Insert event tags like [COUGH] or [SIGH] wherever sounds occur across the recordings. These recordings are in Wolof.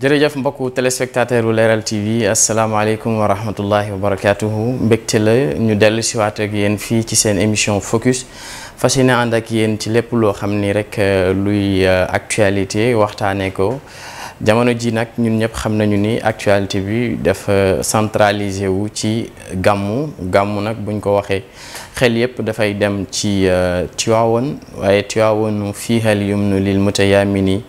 jërëjëf mbokku téléspectateur u Leral TV asalaamaaleykum wa rahmatullahi wa barakatuhu mbégte la ñu dellu siwaat yéen fii ci seen émission focus fas yéene ànd ak yéen ci lépp loo xam ni rek euh, luy euh, actualité waxtaanee ko jamono ji nag ñun ñëpp xam nañu ni actualité bi dafa centralisé wu ci gàmmu gàmmu nag buñ ko waxee xel yëpp dafay dem ci euh, Tiwaawan waaye Tiwaawan fiihal yumnu lil nii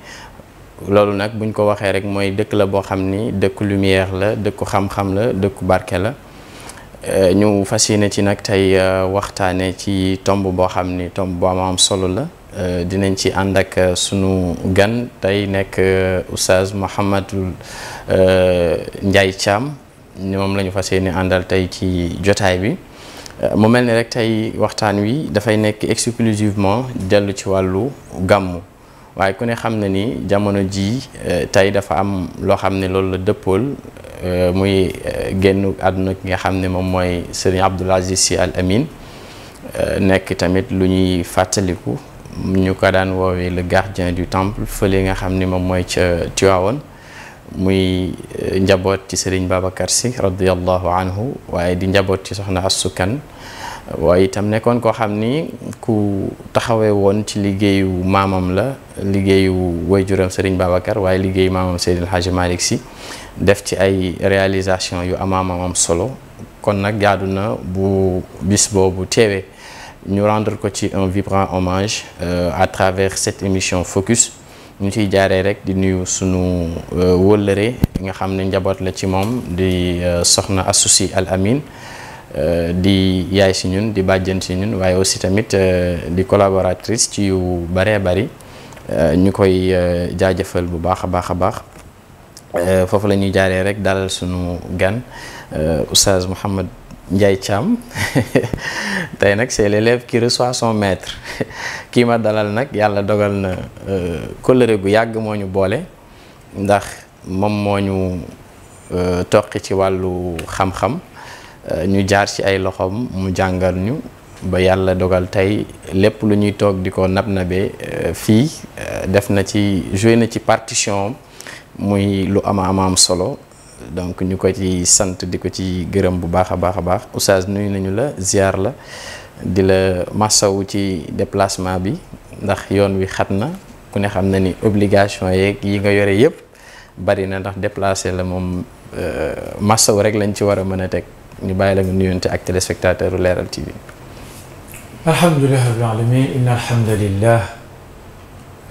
loolu nag buñ ko waxee rek mooy dëkk la boo xam ni dëkk lumière la dëkku xam-xam la dëkku barke la euh, ñu fas yéene ci nag tey euh, waxtaane ci tomb boo xam ni tomb boo am am solo la euh, dinañ ci ànd ak sunu gan tey nekk oustaz Mouhamadou Ndiaye Thiam moom ñoom lañu fas yéene àndal tey ci jotaay bi mu mel ni rek tey waxtaan wi dafay nekk exclusivement dellu ci wàllu gàmmu waaye ku ne xam na ni jamono ji euh, tey dafa am loo xam ne loolu la dëppool euh, muy euh, génn àdduna ki nga xam ne moom mooy Serigne Abdoul Aziz Sy Al Amin nekk tamit lu ñuy fàttaliku ñu ko daan woowee le gardien du temple fële nga xam ni moom mooy ca Tiwaawoon muy njaboot ci Serigne Babacar Sy radiyallahu anhu waaye di njaboot ci soxna Assukan waaye itam nekkoon koo xam ni ku taxawee woon ci liggéeyu maamam la liggéeyu waajuram Serigne Babacar waaye liggéeyu maamam Seydil Hadji Malick si def ci ay réalisation yu amaamam solo kon nag jaadu na bu bis boobu teewee ñu rendre ko ci un vibrant hommage euh, à travers cette émission Focus ñu ciy jaaree rek di nuyu sunu euh, wëllëre nga xam ne njaboot la ci moom di euh, soxna Astou Sy Al Amine Euh, di yaay si ñun di bàjjan si ñun waaye aussi tamit euh, di collaboratrice ci yu bëree bëri euh, ñu koy jaajëfal bu baax a baax a baax foofu lañuy jaaree rek dalal suñu gan oustaz Mouhamed Ndiaye Thiam [LAUGHS] tey nag c'est l'élève qui reçoit son maître [LAUGHS] kii ma dalal nag yàlla dogal na kóllëre bu yàgg moo ñu boole ndax moom moo ñu toqi ci wàllu xam-xam Euh, ñu jaar ci ay loxoom mu jàngal ñu ba yàlla dogal tey lépp lu ñuy toog di ko nab nabe euh, fii euh, def na ci joué na ci partition muy lu ama am solo donc ñu ko ci sant di ko ci gërëm bu baax a baax a baax oustaz nuy nañu la ziar la di la massawu ci déplacement bi ndax yoon wi xat na ku ne xam na ni obligation yeeg yi nga yore yëpp bari na ndax déplacé la moom massawu rek lañ ci war a mën a teg. ñu bàyyi la nga ak téléspectateur Leral TV. alhamdulilah rabbil alamin inna alhamdulillah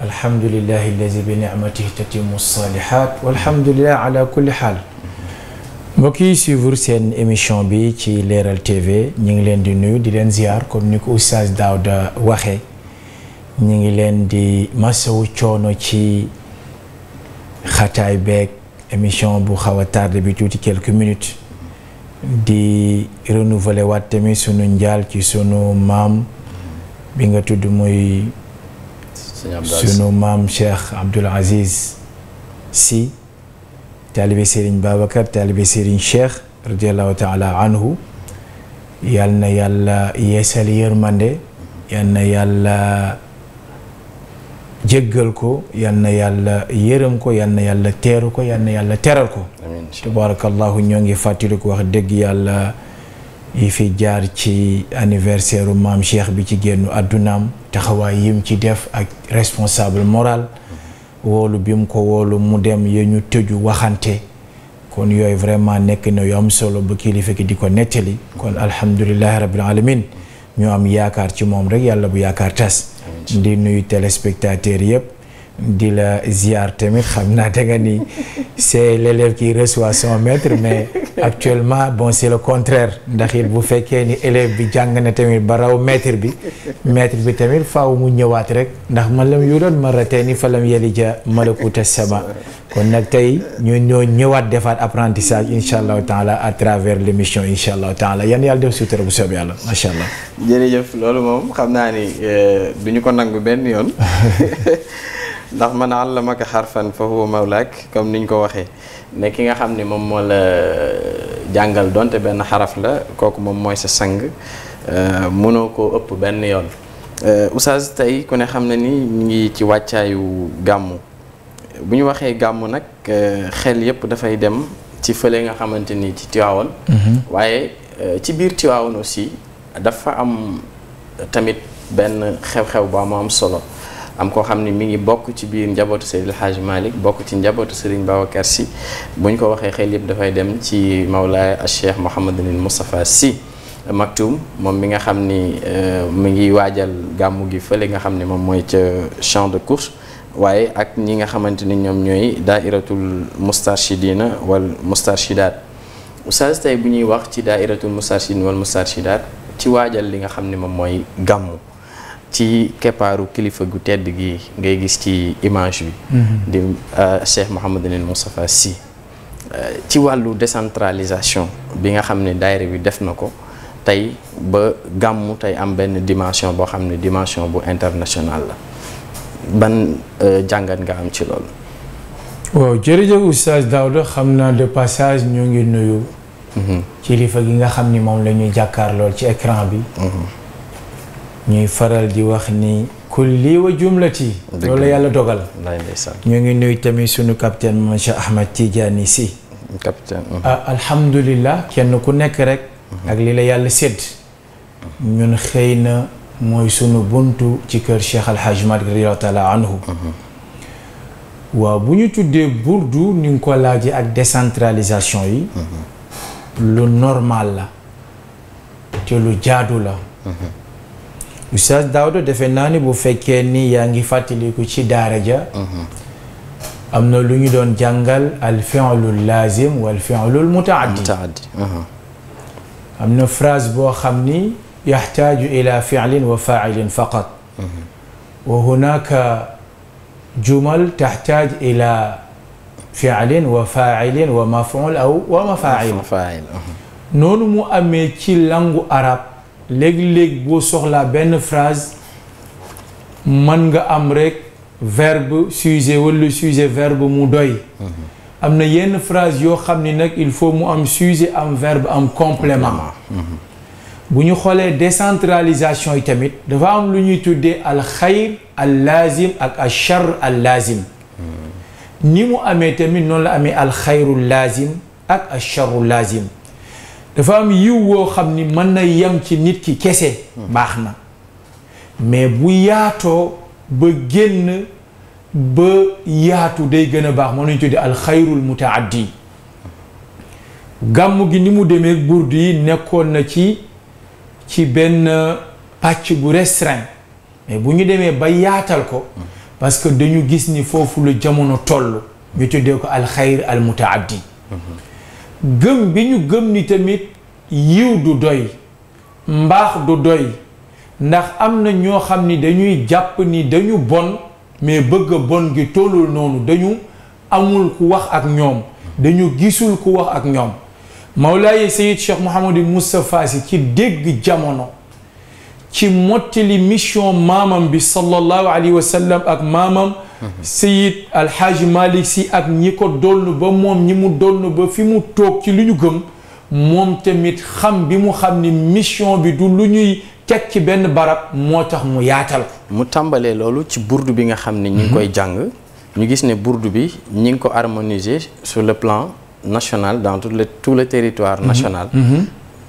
alhamdulilah alladi bi nicmatihi tatimu salihat walhamdulilah ala kulli yi suivre seen émission bi ci Leral ñu ngi leen di nuyu di leen ziar comme ni ko oustaz Daouda waxee ñu ngi leen di masawu coono ci xataay beeg émission bu xaw a tardé bi juuti quelques minutes di renouveler waat sunu njaal ci sunu maam bi nga tudd mooy sunu maam Cheikh Abdoul Aziz Sy taalibe Serigne Babacar taalibe Serigne Cheikh radiallahu taala anhu yal na yàlla yeesal yërmande yal na jéggal ko yal na yàlla yërëm ko yal na yàlla teeru ko yal na yàlla teral ko tabarakallahu ñoo ngi fàttaliku wax dëgg yàlla yi fi jaar ci anniversaire maam cheikh bi ci génnu àddunaam taxawaay yim ci def ak responsable moral woolu bi mu ko woolu mu dem ya ñu tëju waxante kon yooyu vraiment nekk na yu solo ba kilifa gi di ko nettali kon alhamdulilahi rabbil alamin ñu am yaakaar ci moom rek yàlla bu yaakaar tas di nuyu téléspectateur yëpp di la ziar tamit xam naa te nga ni c'est l'élève qui reçoit son maître mais actuellement bon c'est le contraire ndax it bu fekkee ni élève bi jàng na tamit ba raw maître bi maître bi tamit faw mu ñëwaat rek ndax ma man lam yuuloon ma ratee ni fa lam yalija malakuta sama kon nag tey ñu ñoo ñëwaat defaat apprentissage incha allahu taala à travers l'émission incha allahu taala yan yàlla def sutura bu soob yàlla macha allah jërëjëf loolu moom xam naa ni euh, duñu ko nangu benn yoon [LAUGHS] ndax ma man allamaka xarfan fa huwa mawlaak comme ni ñu ko waxee ne ki nga xam ne moom moo la euh, jàngal donte benn xaraf la kooku moom mooy sa sang euh, mënoo ko ëpp benn yoon euh, oustaz tey ku ne xam na ni ñu ngi ci wàccaayu gàmmu bu ñu waxee gàmmu nag xel yépp dafay dem ci fële nga xamante ni ci Tiwaawan mm-hmm. waaye ci biir Tiwaawan aussi dafa am tamit benn xew-xew ba mu am solo am koo xam ne mi ngi bokk ci biir njabootu Seydil Hadj Malick bokk ci njabootu Serigne Babacar bu buñ ko waxee xel yëpp dafay dem ci Mawlaay Cheikh Mouhamadul Moustapha Sy Maktoum moom mi nga xam ni euh, mi ngi waajal gàmmu gi fële nga xam ni moom mooy ca champ de course waaye ak ñi nga xamante ni ñoom ñooy daairatul mustarshidina wal mustarshidaat oustaz tey bu ñuy wax ci daairatul mustarshidina wal mustarshidaat ci waajal li nga xam ni moom mooy gàmmu ci keppaaru kilifa gu tedd gi ngay gis ci image bi. Mhm. di euh, Cheikh Mouhamadulil Moustapha si euh, ci wàllu décentralisation bi nga xam ne daayira bi def na ko tey ba gàmmu tey am benn dimension boo xam ne dimension bu international la ban euh, jàngat nga am ci loolu. waaw jërëjëf oustaz Daouda xam naa de passage ñoo ngi nuyu. Mhm. kilifa gi nga xam ni moom la ñuy jàkkaar lool ci écran bi. Mhm. ñuy faral di wax ni ku kulli wa jumlati loolu yàlla dogal ñu ngi nuyu tamit sunu capitaine moom Cheikh Ahmed Tidiane Sy capitaine uh-huh. ah alhamdulilah kenn ku nekk rek uh-huh. ak li la yàlla sédd ñun xëy na mooy sunu buntu ci kër Cheikh Al Hadj Malick radiyallahu anhu uh-huh. waaw bu ñu tuddee burdu ni nga ko laajee ak décentralisation yi lu normal la te lu jaadu la Oustaz Daouda defe naa ni bu fekkee ni yaa ngi fàttaliku ci daara ja mhm. am na lu ñu doon jàngal al fi'lul laazim wal fi'lul mutaaddi mhm. am na phrase boo xam ni yaxtaaju ila fi'lin wa faa'ilin faqat mhm. wa hunaka jumal taxtaaj ila fi'lin wa faa'ilin wa maf'ul aw wa mafaa'il noonu mu amee ci langu arab léegi-léegi boo soxlaa benn phrase man nga am rek verbe sujet wala sujet verbe mu doy mhm. am na yenn phrase yoo xam ni nag il faut mu am sujet am verbe am complément mhm. bu ñu xoolee décentralisation yi tamit dafa am lu ñuy tuddee alxayr al lazim ak achar al lazim mhm. ni mu amee tamit noonu la amee alxayrul lazim ak acharul lazim dafa am yiw woo xam ni mën na yem ci nit ki kese baax na mais bu yaatoo ba génn ba yaatu day gën a baax moom lañu tuddi alxayrul mutaaddi gàmm gi ni mu demee burdu yi nekkoon na ci ci benn pàcc bu restreint mais bu ñu demee ba yaatal ko parce que dañu gis ni foofu jamono toll ñu tuddee ko alxayr al mutaaddi gëm bi ñu gëm ni tamit yiw du doy mbaax du doy ndax am na ñoo xam ni dañuy jàpp ni dañu bon mais bëgg a bon gi tollul noonu dañu amul ku wax ak ñoom dañu gisul ku wax ak ñoom Mawlaaye Seyid Cheikh Mouhamadou Moustapha Sy ci dégg jamono ci mottali mission maamam bi sallallahu alayhi wa sallam ak maamam Seyid Alxaaji Malick si ak ñi ko donn ba moom ñi mu donn ba fi mu toog ci lu ñu gëm moom tamit xam bi mu xam ni mission bi du lu ñuy teg ci benn barab moo tax mu yaatal ko mu tàmbalee loolu ci burdu bi nga xam ne ñi ngi koy jàng ñu gis ne burdu bi ñi ngi ko harmoniser sur le plan national dans tout le tout le territoire mhm. national mhm.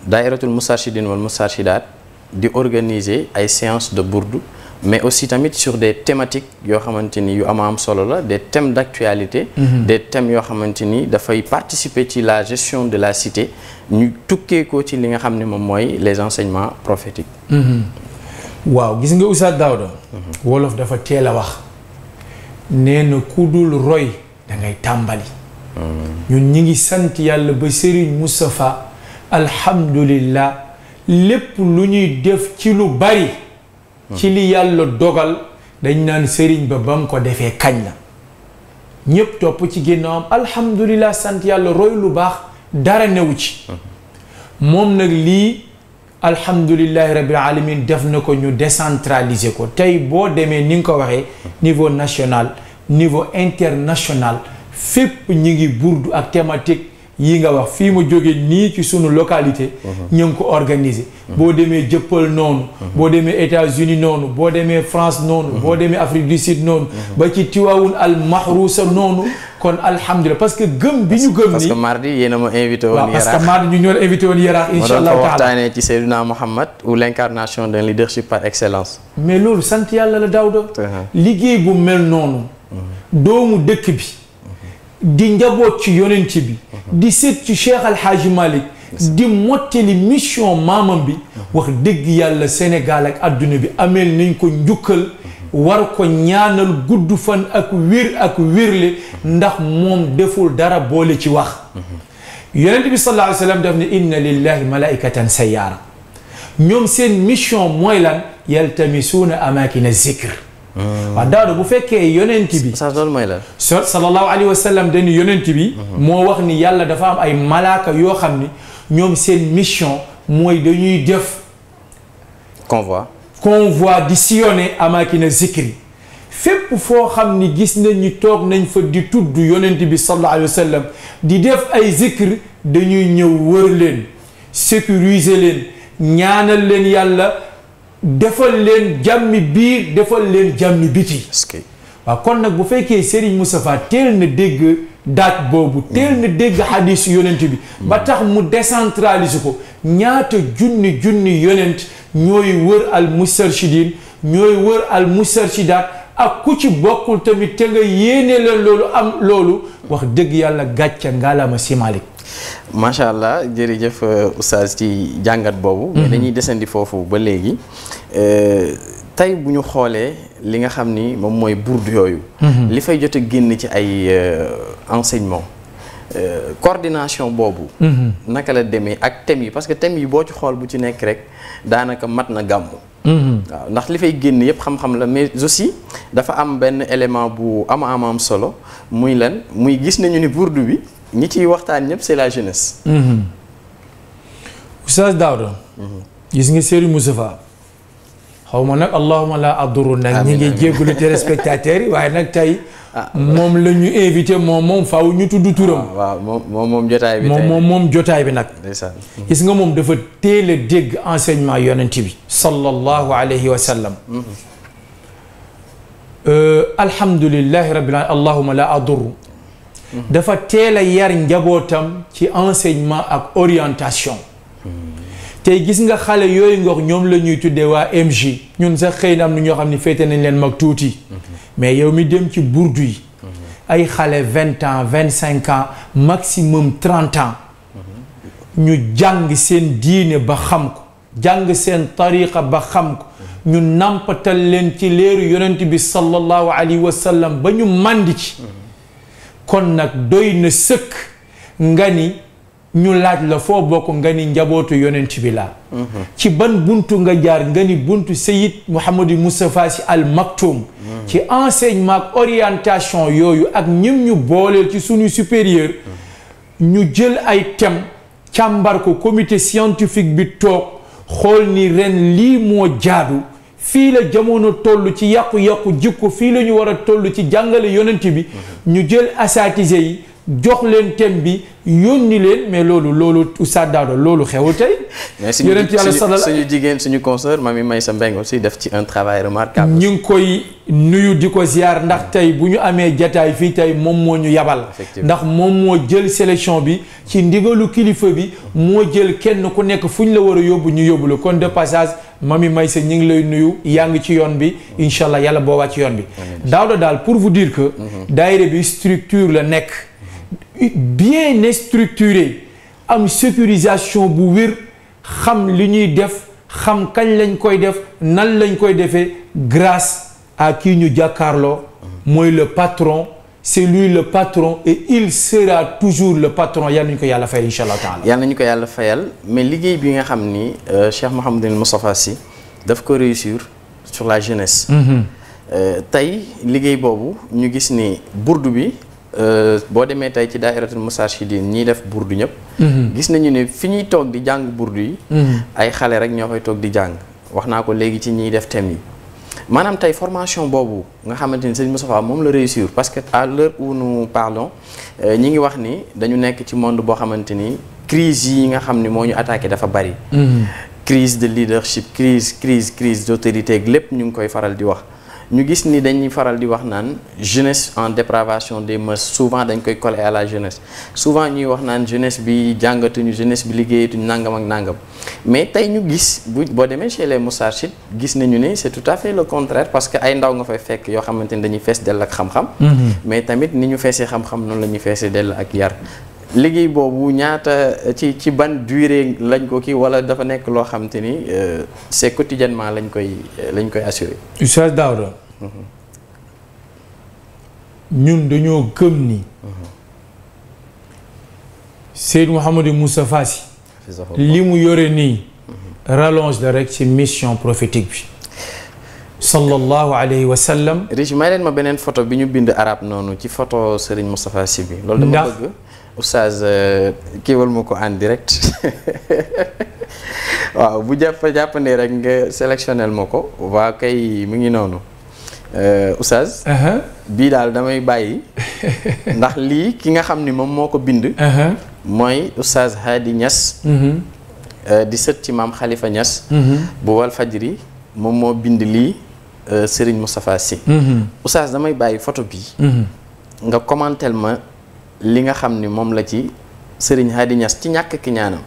daayiratul Moustarchidine wal Moustarchidaat di organiser ay séance de burdu mais aussi tamit sur des thématiques yoo xamante ni yu ama am solo la des thèmes d'actualité mhm. des thèmes yoo xamante ni dafay participer ci la gestion de la cité ñu tukkee ko ci li nga xam ni moom mooy les enseignements prophétiques mhm. waaw gis nga Oustaz Daouda mhm. wolof dafa teel a wax nee na ku dul roy da ngay tàmbali ñun ñi ngi sant yàlla ba Serigne Moustapha alhamdulillah lépp lu ñuy def ci lu bari ci li yàlla dogal dañ naan sëriñ ba ba mu ko defee kañ la ñépp topp ci ginnaawam alhamdulilah sant yàlla roy lu baax dara newu ci moom nag lii alhamdulilahi rabbil alamin def na ko ñu décentraliser ko tey boo demee ni nga ko waxee niveau national niveau international fépp ñi ngi burdu ak thématique yi nga wax fii ma jóge nii ci suñu localité mhm. ñu ngi ko organiser mhm. boo demee jëppal noonu mhm. boo demee États-Unis noonu boo demee France noonu boo demee Afrique du Sud noonu ba ci Tiwaawun al Mahrousa noonu kon alhamdulilah parce que gëm bi ñu gëm ni parce que mardi yéen ma invité woon Yaraax parce que mardi ñu ñoo invité woon Yaraax insha allah taala waxtaanee ci Seydina Mohamed ou l'incarnation d'un leadership par excellence mais loolu sant yàlla la Daouda uh-huh. liggéey bu mel noonu di njaboot ci yonent bi di set ci Cheikh Al Hadj Malick di mottali mission maamam bi wax dëgg yàlla Sénégal ak adduna bi ameel nañ ko njukkal war ko ñaanal gudd fan ak wér ak wérle ndax moom deful dara boole ci wax yonent bi sallallahu alayhi wa sallam daf ne inna lillahi malaikatan sayyaara ñoom seen mission mooy lan yaltamisuuna amaakina zikr waaw ah. ah, daado bu fekkee yonent bi. sa loolu mooy la. sallallahu alayhi wa sallam dañu yonent bi. Mhm. moo wax ni yàlla dafa am ay malaaka yoo xam ni ñoom seen mission mooy dañuy def. convoi. convoi di sillonner amaakina zikri fépp foo xam ni gis nañ ni toog nañ fa di tudd yonent bi sallallahu alayhi wa sallam di def ay zikri dañuy ñëw wër leen sécuriser leen ñaanal leen yàlla. defal leen jàmmi biir defal leen jàmmi biti waaw kon nag bu fekkee Serigne Moustapha teel na dégg daaj boobu teel na dégg hadis yonent bi ba tax mu décentralise ko ñaata junni junni yonent ñooy wër al mustarshidin ñooy wër al ak ku ci bokkul tamit te nga yéene leen loolu am loolu wax dëgg yàlla gàcca ngaalama si Malick macha allah jërëjëf euh, oustaz ci jàngat boobu. Mhm. mais dañuy desandi foofu ba léegi euh, tey bu ñu xoolee li nga xam ni moom mooy burdu yooyu. Mhm. li fay jot a génn ci ay euh, enseignement Euh, coordination boobu. Mhm. naka la demee ak tem yi parce que thèmes yi boo ci xool bu ci nekk rek daanaka mat na gàmmu. waaw ndax li fay génn yëpp xam-xam la mais aussi dafa am benn élément bu am am am solo muy lan muy gis nañu ni burdu bi. ñi ciy waxtaan ñëpp c'est la jeunesse. Mhm. Oustaz Daouda. Mhm. gis nga Serigne Moustapha xaw ma nag allahuma la aduru nag ñi ngi jégalu téléspectateurs yi waaye nag tey. [LAUGHS] Ah, moom la ñu invité moom moom faaw ñu tudd turam. Ah, waaw moom moom jotaay bi tey moom moom jotaay bi nag. Mhm. gis nga moom dafa teel a dégg enseignement yonent bi. sallallahu alayhi wa sallam. Euh, alhamdulilah rabbil allahuma la aduru. dafa teel a yar njabootam ci enseignement ak orientation tey gis nga xale yooyu ngox ñoom la ñuy tuddee waa MJ ñun sax xëy na am na ñoo xam ne féete nañ leen mag tuuti mais yow mi dem ci burdu yi ay xale vingt ans vingt cinq ans maximum trente ans ñu jàng seen diine ba xam ko jàng seen tariqa ba xam ko ñu nampatal leen ci leeru yonent bi sallallahu alayhi wa sallam ba ñu màndi ci kon nag doy na sëkk nga ni ñu laaj la foo bokk nga ni njabootu yonent bi laa mhm. ci ban buntu nga jaar nga ni buntu Seyid Mouhamadou Moustapha si Al Maktoum mhm. ci enseignement orientation yooyu ak ñim ñu booleel ci suñu supérieur mhm. ñu jël ay thème càmbar ko comité scientifique bi toog xool ni ren lii moo jaadu fii la jamono tollu ci yàqu-yàqu jikko fii la ñu war a toll ci jàngale yonent bi ñu jël asatise yi jox leen thème bi yónni leen mais loolu loolu Oustaz Daouda loolu xewul tey. yeneen ci yàlla salal suñu jigéen ma consoeur may sa Mbengue aussi def ci un travail remarquable. ñu ngi koy nuyu di ko ziar ndax tey bu ñu amee jataay fii tey moom moo ñu yabal. ndax moom moo jël sélection bi ci ndigalu kilifa bi moo jël kenn ku nekk fu ñu la war a yóbbu ñu yóbbu la kon de passage may sa ñu ngi lay nuyu yaa ngi ci yoon bi incha allah yàlla boobaa ci yoon bi. Daouda daal pour mhm. bi structure la nekk. bien structuré am sécurisation bu wér xam li ñuy def xam kañ lañ koy def nan lañ koy defee grâce à kii ñu jàkkaarloo mooy le patron c'est lui le patron et il sera toujours le patron yal nañu ko yàlla fayal incha allah taala. yal nañu ko yàlla fayal mais liggéey bi nga xam ni euh, Cheikh Mouhamadul Moustapha Sy daf ko réussir sur la jeunesse. Mm-hmm. Euh, tey liggéey boobu ñu gis ni burdu bi. Euh, boo demee tey ci daayiratul Moustarchidine ñiy def burdu ñëpp. Mhm. gis nañu ne fi ñuy toog di jàng burdu yi. Mhm. ay xale rek ñoo fay toog di jàng wax naa ko léegi ci ñiy def thème yi. maanaam tey formation boobu nga xamante ni sëñ Moustapha moom la réussir parce que à l'heure où nous parlons euh, ñi ngi wax ni dañu nekk ci monde boo xamante ni crise yi nga xam ni moo ñu attaqué dafa bari. Mhm. crise de leadership crise crise crise d'autorité lépp ñu ngi koy faral di wax. ñu gis ni dañuy faral di wax naan jeunesse en dépravation des mœurs souvent dañ koy coller à la jeunesse souvent ñuy wax naan jeunesse bi jàngatuñu jeunesse bi liggéeyatuñu nangam ak nangam mais tey ñu gis bu boo demee chez les gis nañu ne c'est tout à fait le contraire parce que ay ndaw nga fay fekk yoo xamante ni dañuy fees dell ak xam-xam. Mm-hmm. mais tamit ni ñu feesee xam-xam noonu la ñuy feesee dell ak yar. liggéey boobu ñaata ci ci ban durée lañ ko kii wala dafa nekk loo xam te ni euh, c'est quotidiennement lañ koy lañ koy assurer. Oustaz ñun dañoo gëm ni Seyd Mouhamadou Moustapha Sy li mu yore nii rallonge la rek ci mission prophétique bi sallallahu alayhi wa Rich may leen ma beneen photo bi ñu bind arab noonu ci photo Serigne Moustapha Sy bi loolu dama bëgg oustaz euh, kiiwal ma ko en direct [LAUGHS] waaw bu jàpp jàppandee rek nga sélectionnel ma ko waa kay mu ngi noonu Euh, Oustaz. bii daal damay bàyyi [LAUGHS] ndax lii ki nga xam ni moom moo ko bind. mooy Oustaz Hadi mhm. euh, di sët ci maam xalifa Niass. Mhm. bu wal moom moo bind lii euh, sëriñ Moustapha Sy. Mhm. Oustaz damay bàyyi photo bi. nga commentel ma li nga xam ni moom la ci Serigne Hadi ci ñàkk ki ñaanam.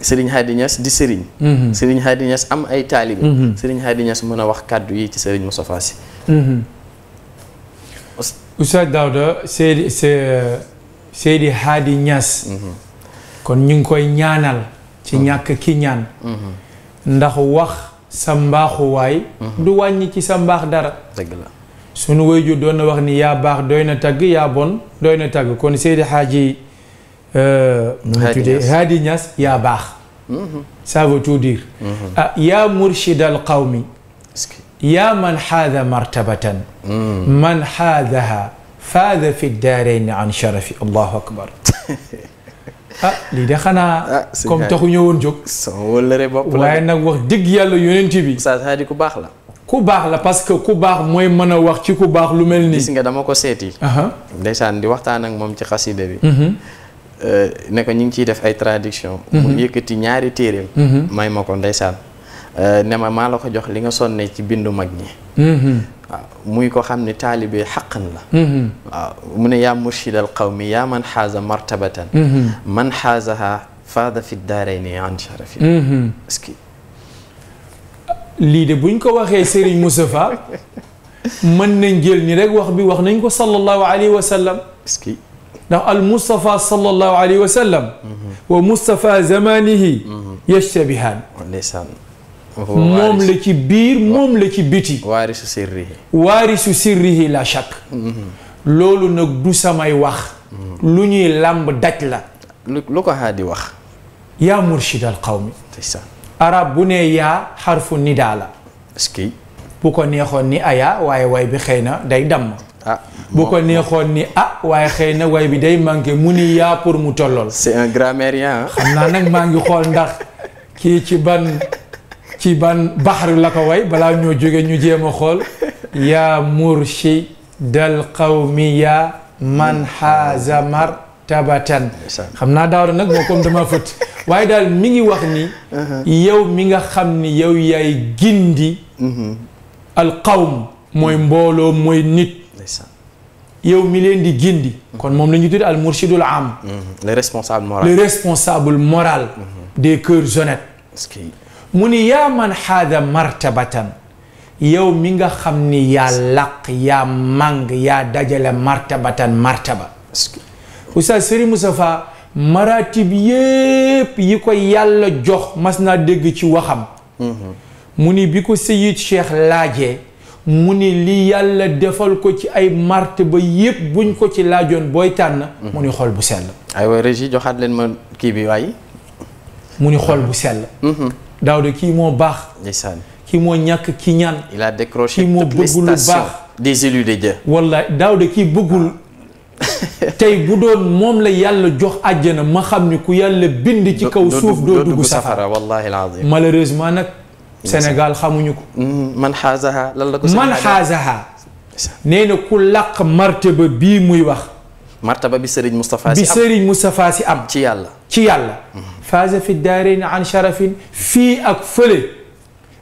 Serigne Hady Niass di Serigne. Mhm. Serigne Hady Niass am ay taalibe. Mhm. Serigne Hady Niass mën a wax kàddu yi ci Serigne Moustapha Sy. Mhm. Oustaz Daouda Seydi Seydi Hady Niass. kon ñu ngi koy ñaanal. ci ñàkk ki ñaan. ndax wax sa mbaaxuwaay. du wàññi ci sa mbaax dara. dëgg la sunu wayju doon wax ni yaa baax doy na tagg yaa bon doy na tagg kon Seydi Hady. Euh, nu mu yaa baax mhm. ça veut tout dire mhm. ah yaa murshid al qawmi yaa man xaada martabatan mhm. man xaadaha faada fi daarayni an sharafi allahu akbar [LAUGHS] ah lii de xanaa ah, comme taxuñu woon jóg sama wëllëre bopp la waaye nag wax dëgg yàlla yonent bi saa Hadi ku baax la ku baax la parce que ku baax mooy mën a wax ci ku baax lu mel nii gis nga dama ko seeti ndeysaan di waxtaan ak moom ci xasida bi Euh, nekk ñu ngi ciy def ay tradition mu mhm. yëkkati ñaari téeréem mhm. may ma ko ndeysaan euh, ne ma maa la ko jox li nga sonne ci bindu mag ñi mhm. muy ko xam ne taalibe xaqan la waaw mu ne yaa murshidal qawmi yaa man xaaza martabatan man xaazaha faada fi daarayni an sharafi est-ce que lii de buñ ko waxee Serigne Moustapha mën nañ jël ni rek wax bi wax nañ ko sallallahu alayhi wa ndax al Moustapha sallallahu alayhi wa sallam. wa Moustapha zamanihi. yashtabihaan. moom la ci biir moom la ci biti. waarisu sirrihi. waarisu sirrihi la chak. loolu nag du samay wax. lu ñuy làmb daj la. lu ko xaadi wax. yaa murshid al qawmi. arab bu ne yaa xarfu nidaa la. est-ce que bu ko neexoon ni ayaa waaye way bi xëy na day damm. ah bu ko neexoon ni ah waaye xëy na way bi day manqué mu ni yaa pour mu tollool. c'est un grammairien ah. xam naa nag maa ngi xool ndax kii ci ban ci ban baxar la ko way balaa ñoo jóge ñu jéem a xool yaa murshidal qawmi yaa man xaazamar tabatan xam naa daaw nag moo comme dama fët waaye daal mi ngi wax ni uh-huh. yow mi nga xam ni yow yaay gindi mm-hmm. al qawm mooy mbooloo mooy nit yow mi leen di jindi kon moom la ñu tuddee al murshidul am. Mm-hmm. le responsable moral le kër zonet mm-hmm. des mu ni yaa man xaada martabatan yow mi nga xam ni yaa laq yaa màng yaa dajale martabatan martaba. Oustaz Serigne Moustapha maratib yépp yi ko yàlla jox mas naa dégg ci waxam. Mm-hmm. mu ni bi ko Seyid Cheikh laajee. mu ni li yàlla defal ko ci ay marte ba yépp buñ ko ci laajoon booy tànn mhm. mu ni xool bu sell aywa régie joxaat leen ma kii bi waaye mu ni xol bu sell mhm. kii moo baax ndeysaan kii moo ñàkk ki ñaan il a décroché kii moo bëggul lu baax des élus de Dieu wallaay Daawda kii bëggul ah. [LAUGHS] tey bu doon moom la yàlla jox àjjana ma xam ni ku yàlla bind ci kaw suuf doo dugg safara wallahi alazim malheureusement nag Sénégal xamuñu ko. Mm, man xaasaha lan la ko. man xaasaha. nee na ku làq martaba bii muy wax. martaba bi Serigne Moustapha si am bi Serigne Moustapha si am. ci yàlla ci yàlla. Mm-hmm. faasa fi daarayni an sharafin fii ak fële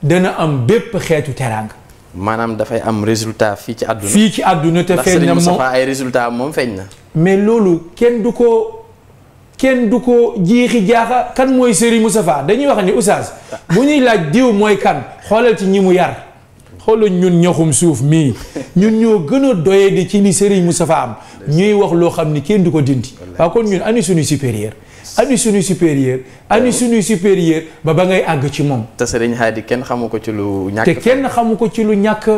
dana am bépp xeetu teraanga. maanaam dafay am résultat fii ci àdduna. fii ci àdduna te feeñ na moom ndax Serigne Moustapha ay résultat moom feeñ na. mais loolu kenn du ko. kenn du ko jiixi jaaxa kan mooy mu safaa dañuy wax ni oustaz bu ñuy laaj diw mooy kan xoolal ci ñi mu yar xoolal ñun ñaxum suuf mii ñun ñoo gën a doye di ci ni mu Moustapha am ñuy wax loo xam ni kenn du ko dindi waaw kon ñun ani suñu supérieur ani suñu supérieur ani suñu supérieur ba ba ngay àgg ci moom. te Serigne Hadi kenn xamu ko ci lu ñàkk. kenn xamu ko ci lu ñàkk.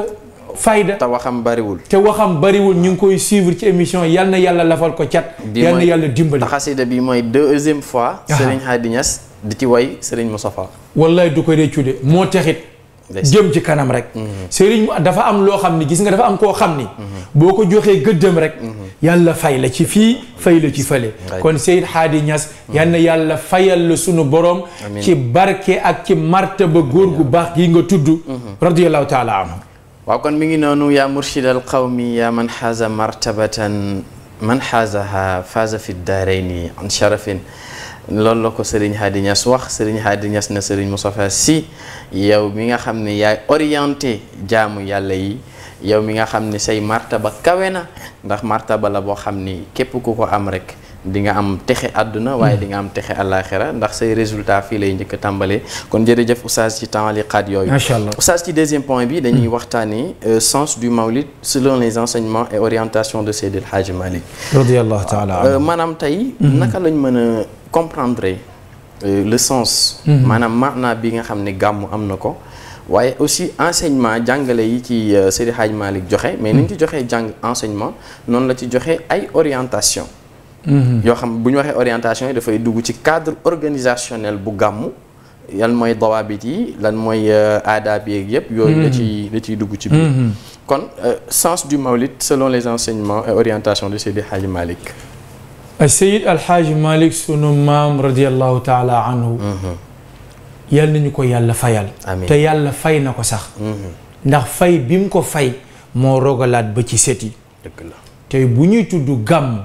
fayda te waxam bariwul te waxam bariwul ñu ngi koy suivre ci émission yal na yàlla lafal ko cat yal na yàlla dimbali xasida bi mooy deuxième fois ah. Serigne Hady Niass di ci way Serigne Moustapha wallaay du ko réccu de moo taxit jëm ci kanam rek mhm. Serigne dafa am loo xam ni gis nga dafa am koo xam ni mhm. boo ko joxee gëddëm rek mhm. yàlla fay la ci fii fay la ci fële kon Seydi Hady yàlla fayal la suñu borom ci barke ak ci martaba góor gu baax gi nga tudd radiyallahu taala anhu waaw kon mi ngi noonu yaa murshidal qawmi yaa man xaaza martabatan man xaazaha faaza fi daarayni an sharafin loolu la ko Serigne Hadi Niass wax Serigne di Niass na Serigne Moustapha si yow mi nga xam ne yaay orienté jaamu yàlla yi yow mi nga xam ne say martaba kawe na ndax martaba la boo xam ni képp ku ko am rek di nga am texe àdduna waaye di nga am texe àllaaxira ndax say résultat fii lay njëkk a tàmbalee kon jërëjëf oustaz ci taaliqaat yooyu macha allah oustaz ci deuxième point bi dañuy waxtaani euh, sens du mawlid selon les enseignements et orientations de Seydi El Hadji Malick radiyallahu taala euh, maanaam tey mhm. naka lañ mën a comprendre euh, le sens mhm. maanaam maanaa bi nga xam ne gàmmu am na ko waaye aussi enseignement jàngale yi ci Seydi El Hadji joxe mais ni ñu mhm. ci joxee jàng enseignement noonu la ci joxe ay orientation Mm-hmm. yoo xam bu ñu waxee orientation yi dafay dugg ci cadre organisationnel bu gàmmu yan mooy dawaabit yi lan mooy euh, aadaab yeeg yëpp yooyu la mm-hmm. ciy ciy dugg ci biir mm-hmm. kon euh, sens du mawlid selon les enseignements et orientations de Seydi Hadji malik euh, Seyid Alxaaji Malick sunu maam radiallahu taala anhu yal nañu ko yàlla fayal te yàlla fay na ko sax ndax fay bi mu ko fay moo rogalaat ba ci seti tey bu ñuy tudd gàmm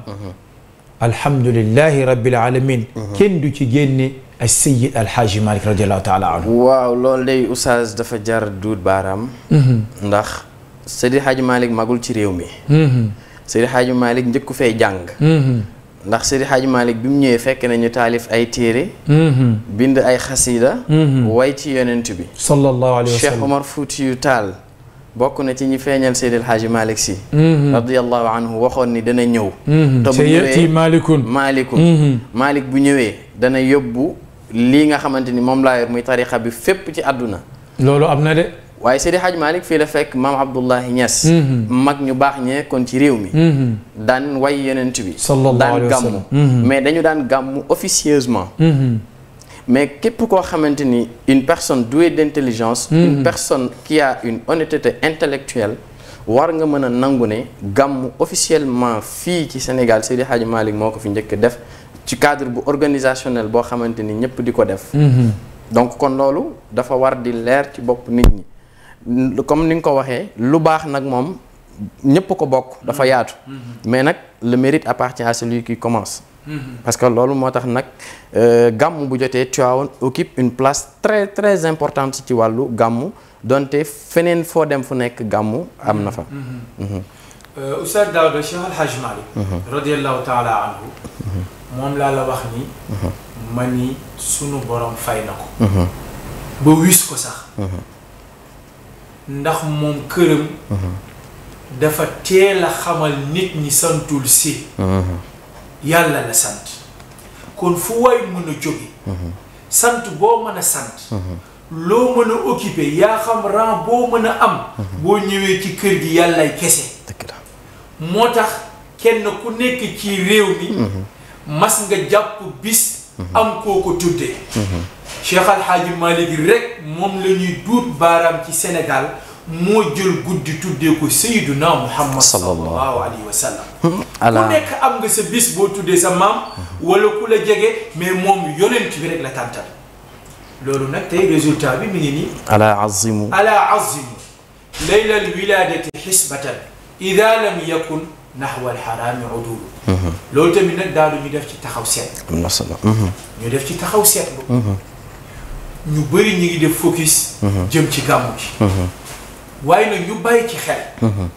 alhamdulilahi rabbil alamin mhm. kenn du ci génne ay sayid alhaaji malik radiallahu taala anhu waaw loolu day oustaz dafa jar duut baaraam mhm. ndax seydi haaji malik magul ci réew mi mhm. seydi haaji malik njëkku fay jàng ndax seydi haaji malik bi mu ñëwee fekk nañu taalif ay téere bind ay xasida way ci yonent bi sallallahu alayhi wa fuuti yu taal bokk na ci ñi feeñal Seydil Hadji Malick Sy mhm. radiyallahu anhu waxoon ni dana ñëw mhm. te bu ñëwee maalikun maalikun maalik mhm. bu ñëwee dana yóbbu lii nga xamante ni moom laa yor muy tarixa bi fépp ci àdduna loolu am na de waaye Seydil Hadji Malick fii la fekk maam Abdullahi Niass mag ñu baax ñee kon ci réew mi daan way yonent bi daan gàmmu mais dañu daan gàmmu officieusement mais képp koo xamante ni une personne douée d'intelligence une mhm. personne qui une honnêteté intellectuelle war nga mën a nangu ne gàmmu officiellement fii ci Sénégal Seydi Hadji Malick moo ko fi njëkk def ci cadre bu organisationnel boo xamante ni ñëpp di ko def mhm. donc kon loolu dafa war di leer ci bopp nit ñi comme ni nga ko waxee lu baax nag moom ñëpp ko bokk dafa yaatu mhm. mais nag le mérite appartient à celui ki commence parce que loolu moo tax nag euh, gàmm bu jotee Tivaouane occupe une place très très importante ci wàllu gàmm donte feneen foo dem fu nekk gàmm am na fa. Mm-hmm. Mm-hmm. Mm-hmm. Euh, Oustaz Daouda Cheikh El Hadj Malick. radiyallahu anhu moom laa la wax ni. ma ni sunu borom fay na ko. ba wis ko sax. ndax moom këram. dafa teel a xamal nit ñi santul si. yàlla la sant kon fu waay mën a jóge mhm. sant boo mën a sant mhm. loo mën a occupé yaa xam rang boo mën a am mhm. boo ñëwee ci kër gi yàllaay kese moo tax kenn ku nekk ci réew mi mas nga jàpp bis am koo ko tuddee Cheikh Alhaaji Malick rek moom la ñuy duut baaraam ci Sénégal moo jël guddi tuddee ko Seydina Muhammad sallallahu alayhi wa sallam ku nekk am nga sa bis boo tuddee sa maam wala ku la jege mais moom yonent bi rek la tàntal loolu nag tey résultat bi mi ngi nii ala azimu ala azimu layla al wiladati xisbatan ida lam yakun nahwa al xaraami udulu mhm. def ci taxaw seet am na solo mhm. ñu def ci taxaw seet mhm. bëri ñu ngi def focus jëm ci gàmmu waaye nag ñu ci xel. Mhm.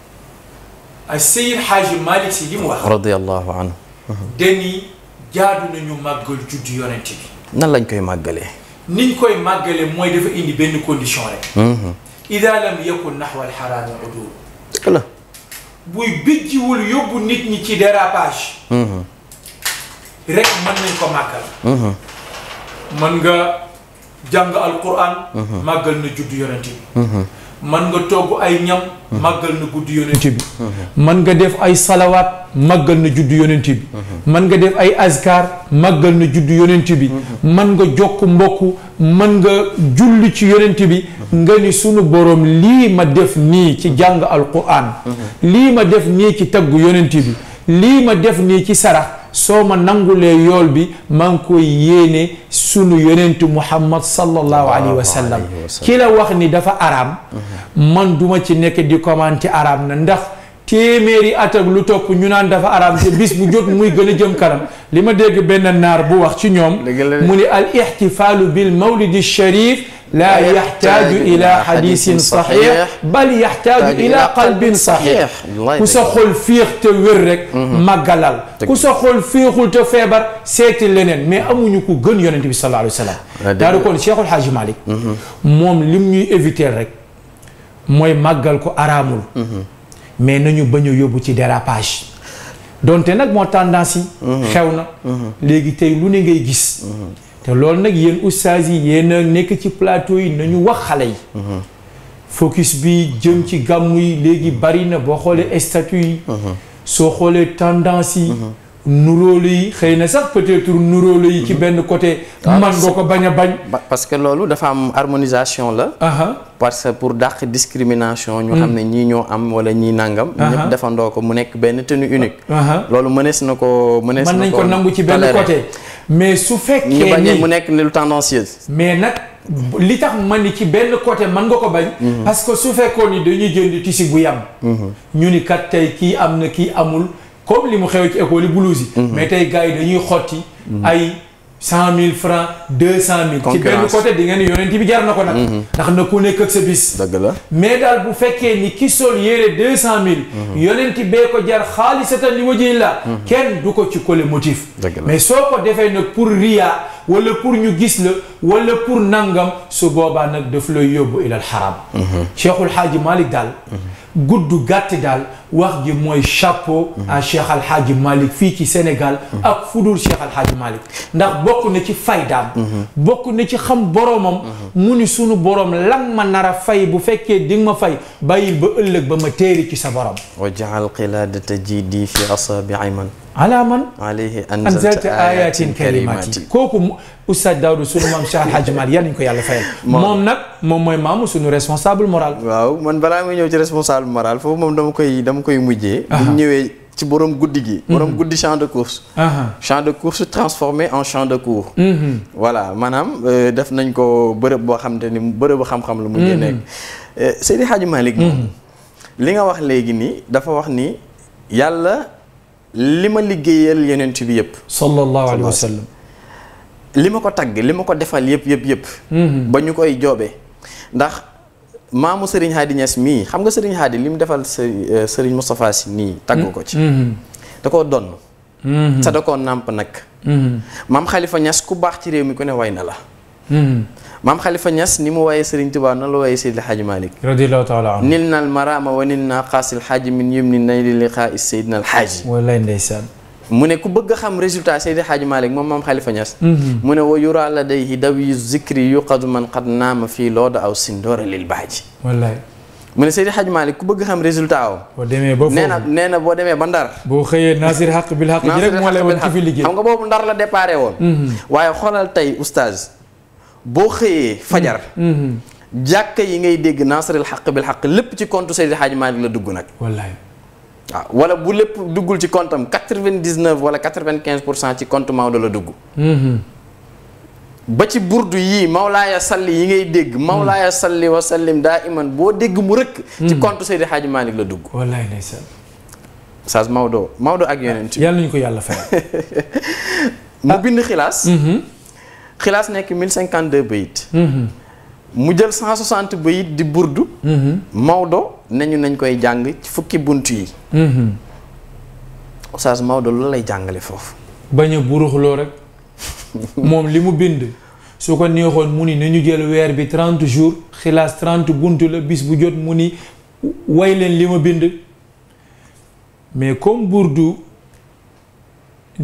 ay Seyid Xaaji Malick si li mu wax. radiyallahu anhu. Mhm. dañuy jaadu nañu màggal juddu yonent bi. nan lañ koy màggalee. niñ koy màggalee mooy dafa indi benn condition rek. Mhm. ida lam yakun naxwa alxaraami udul. dëgg la. buy bijjiwul yóbbu nit ñi ci dérapage. rek mën nañ ko màggal. mën nga jàng Alquran. màggal na juddu yonent bi. man nga togg ay ñam hmm. màggal na gudd yonent bi man hmm. nga def ay salawaat màggal na judd yonent bi man hmm. nga def ay azkar màggal na judd yonent bi mën nga jokk mbokk mën nga julli ci yonent bi nga ni sunu borom lii ma def nii ci jàng alquran lii ma def nii ci tagg yonent bi lii ma def nii ci sarax soo ma nangulee yool bi maa ngi koy yéene sunu yonentu muhammad sallallahu alayhi wa sallam ki la wax ni dafa araam mhm. man duma ci nekk di ci araam na ndax téeméeri at ak lu topp ñu naan dafa araam te bis bu jot muy gën a jëm kanam li ma dégg benn naar bu wax ci ñoom mu ni al ixtifaalu bil mawlidi sharif laa yaxtaaju ila xadisin saxiix bal yaxtaaju ila qalbin saxiix ku sa xol fiix te wér rek mhm. màggalal ku sa xol fiixul te feebar seeti leneen mais amuñu ku gën yonent bi sallallahu alayhi wa sallam ah, daa du mhm. moom lim ñuy éviter rek mooy màggal ko araamul mhm. mais nañu bañ a yóbbu ci dérapage donte nag moo tendance yi. Mhm. xew na. Mhm. léegi tey lu ne ngay gis. Mhm. te loolu nag yéen ustaas yi yéen nekk ci plateau yi nañu wax xale yi. focus bi jëm ci gàmm yi léegi bari na boo xoolee statut yi. soo xoolee tendance yi. nuróolu yi xëy na sax peut-être nuróolu yi ci mhm. benn côté. Ah, man nga ko bañ a bañ. parce que loolu dafa am harmonisation la. parce que pour dàq discrimination. ñu mhm. xam ne ñii ñoo am wala ñii nangam. defandoo ko mu nekk benn tenue unique. loolu mënees na ko mënees na ko. mën nañ ko nangu ci benn côté. mais su fekkee ni mu nekk lu tendancieuse. mais nag li tax man ni ci benn côté mën nga ko bañ. Mhm. su fekkoon ni dañuy jënd tissu bu yam. ñu ni kat tey kii am na kii amul. comme li mu xew ci école yi blouse yi. Mhm. mais tey gars yi dañuy xotti. Mhm. ay cent mille francs deux cent mille. ci benn côté di ngeen yonent bi jar na ko nag. Mhm. ndax na ku nekk ak sa bis. la mais daal bu fekkee ni ki sol yére deux cent mille. yonent bee ko jar xaalisatan li wajhi la. kenn du ko ci collé motif. mais soo ko defee nag pour riya wala pour ñu gis la wala pour nangam su boobaa nag daf lay yóbbu ilal xaram. Cheikhul Xaaji Malick daal. gudd gàtt daal wax gi mooy chapeau à Cheikh Alhaaji Malick fii ci Sénégal ak fudul Cheikh Alhaaji malik ndax bokk na ci faydaam bokk na ci xam boroomam mu ni sunu borom lan ma nar a fay bu fekkee di nga ma fay bàyyil ba ëllëg ba ma téeri ci sa borom wa jaal qilaadata jiidi fi asaabi man ala man anzalta ayatin kalimati kooku oustaz su sunu maam Cheikh Alhaji Mal yal nañu ko yàlla fayal [LAUGHS] moom nag moom mooy maamu sunu responsable moral waaw man balaa muy ñëw ci responsable moral foofu moom dama koy dama koy mujjee bu ñëwee ci borom guddi gi hmm. borom guddi champ de course champ de course transformé en champ de cours hmm. voilà maanaam euh, def nañ ko bërëb boo xam ni bërëbu xam-xam la mujjee hmm. nekk euh, Seydi Hadji Malick moom li nga wax léegi nii dafa wax ni yàlla li ma liggéeyal yenent bi yëpp sallallahu alayhi wa li ma ko tagg li ma ko defal yëpp yëpp yëpp mm-hmm. ba ñu koy joobee ndax maamu Serigne Hadi Niass mii xam nga Serigne Hadi li mu defal euh, Serigne Moustapha Sy nii tagg ko ci mm-hmm. da koo donn mm-hmm. sa da koo nàmp nag maam Khalifa Niass ku baax ci réew mi ku ne way na la maam Khalifa Niass ni mu woyee Serigne Touba noonu la woyee Seydil Hadji Malick radiyallahu nil nal marama wa nil na xaasil xaaji min yum ni nay li liqaa is Seydina Alxaaji wallaay ndeysaan mu ne ku bëgg a xam résultat Seydil Hadji Malick moom maam Khalifa Niass mhm. mu ne wa yura ladayhi daw yu zikri yuqadu man qad naama fii looda aw sindoora lil baaji mu ne Seydil Hadji Malick ku bëgg xam résultat am. boo ba foofu nee na nee na boo demee ba ndar. boo xëyee Nasir xaq bil xaq ji rek moo lay woon ci fi liggéey. xam nga boobu ndar la déparé boo xëyee fajar mm-hmm. Mm-hmm. jàkka yi ngay dégg naasaril xaq bil xaq lépp ci compte Seydi Hadji Malick la dugg nag wallaay waaw wala bu lépp duggul ci compte am quatre vingt dix wala quatre-vingt-quinze pour cent ci compte la dugg mm-hmm. ba ci burdu yi mawlaaya salli yi ngay dégg mawlaaya salli wa sallim daa iman boo dégg mu rëkk ci compte Seydi Hadji Malick la dugg wallaay ndeysaan saas Maodo Maodo ak yeneen ah, yàlla ñu ko yàlla fay [LAUGHS] mu bind xilaas xilaas nekk mille 1052 bayit mhm. mu jël 160 bayit di burdu mhm. Maodo nañu nañ koy jàng ci fukki bunt yi mhm. oustaz Maodo loolu lay jàngale foofu bañ a buruxloo rek [LAUGHS] moom li mu bind su ko neexoon mu ni nañu jël weer bi 30 jours xilaas 30 bunt la bis bu jot mu ni way leen li ma bind mais comme burdu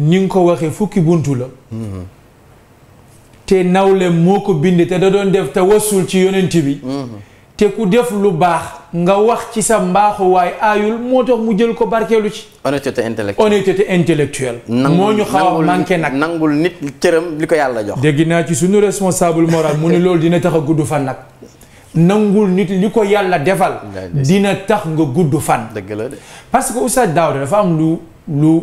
ni nga ko waxee fukki bunt la te nawle moo ko bind te da doon def te tawassul ci yonent bi mhm. te ku def lu baax nga wax ci sa mbaaxuwaay waaye aayul moo tax mu jël ko barkeelu ci honnêteté intellectuelle intellectuel intellectuelle moo ñu xaw a nag nangul nit cëram li ko yàlla jox dégg ci suñu responsable moral mu ne loolu dina tax a gudd fan nag nangul nit li ko yàlla defal dina tax nga gudd fan dëgg la de parce que Oustaz Daouda dafa am lu lu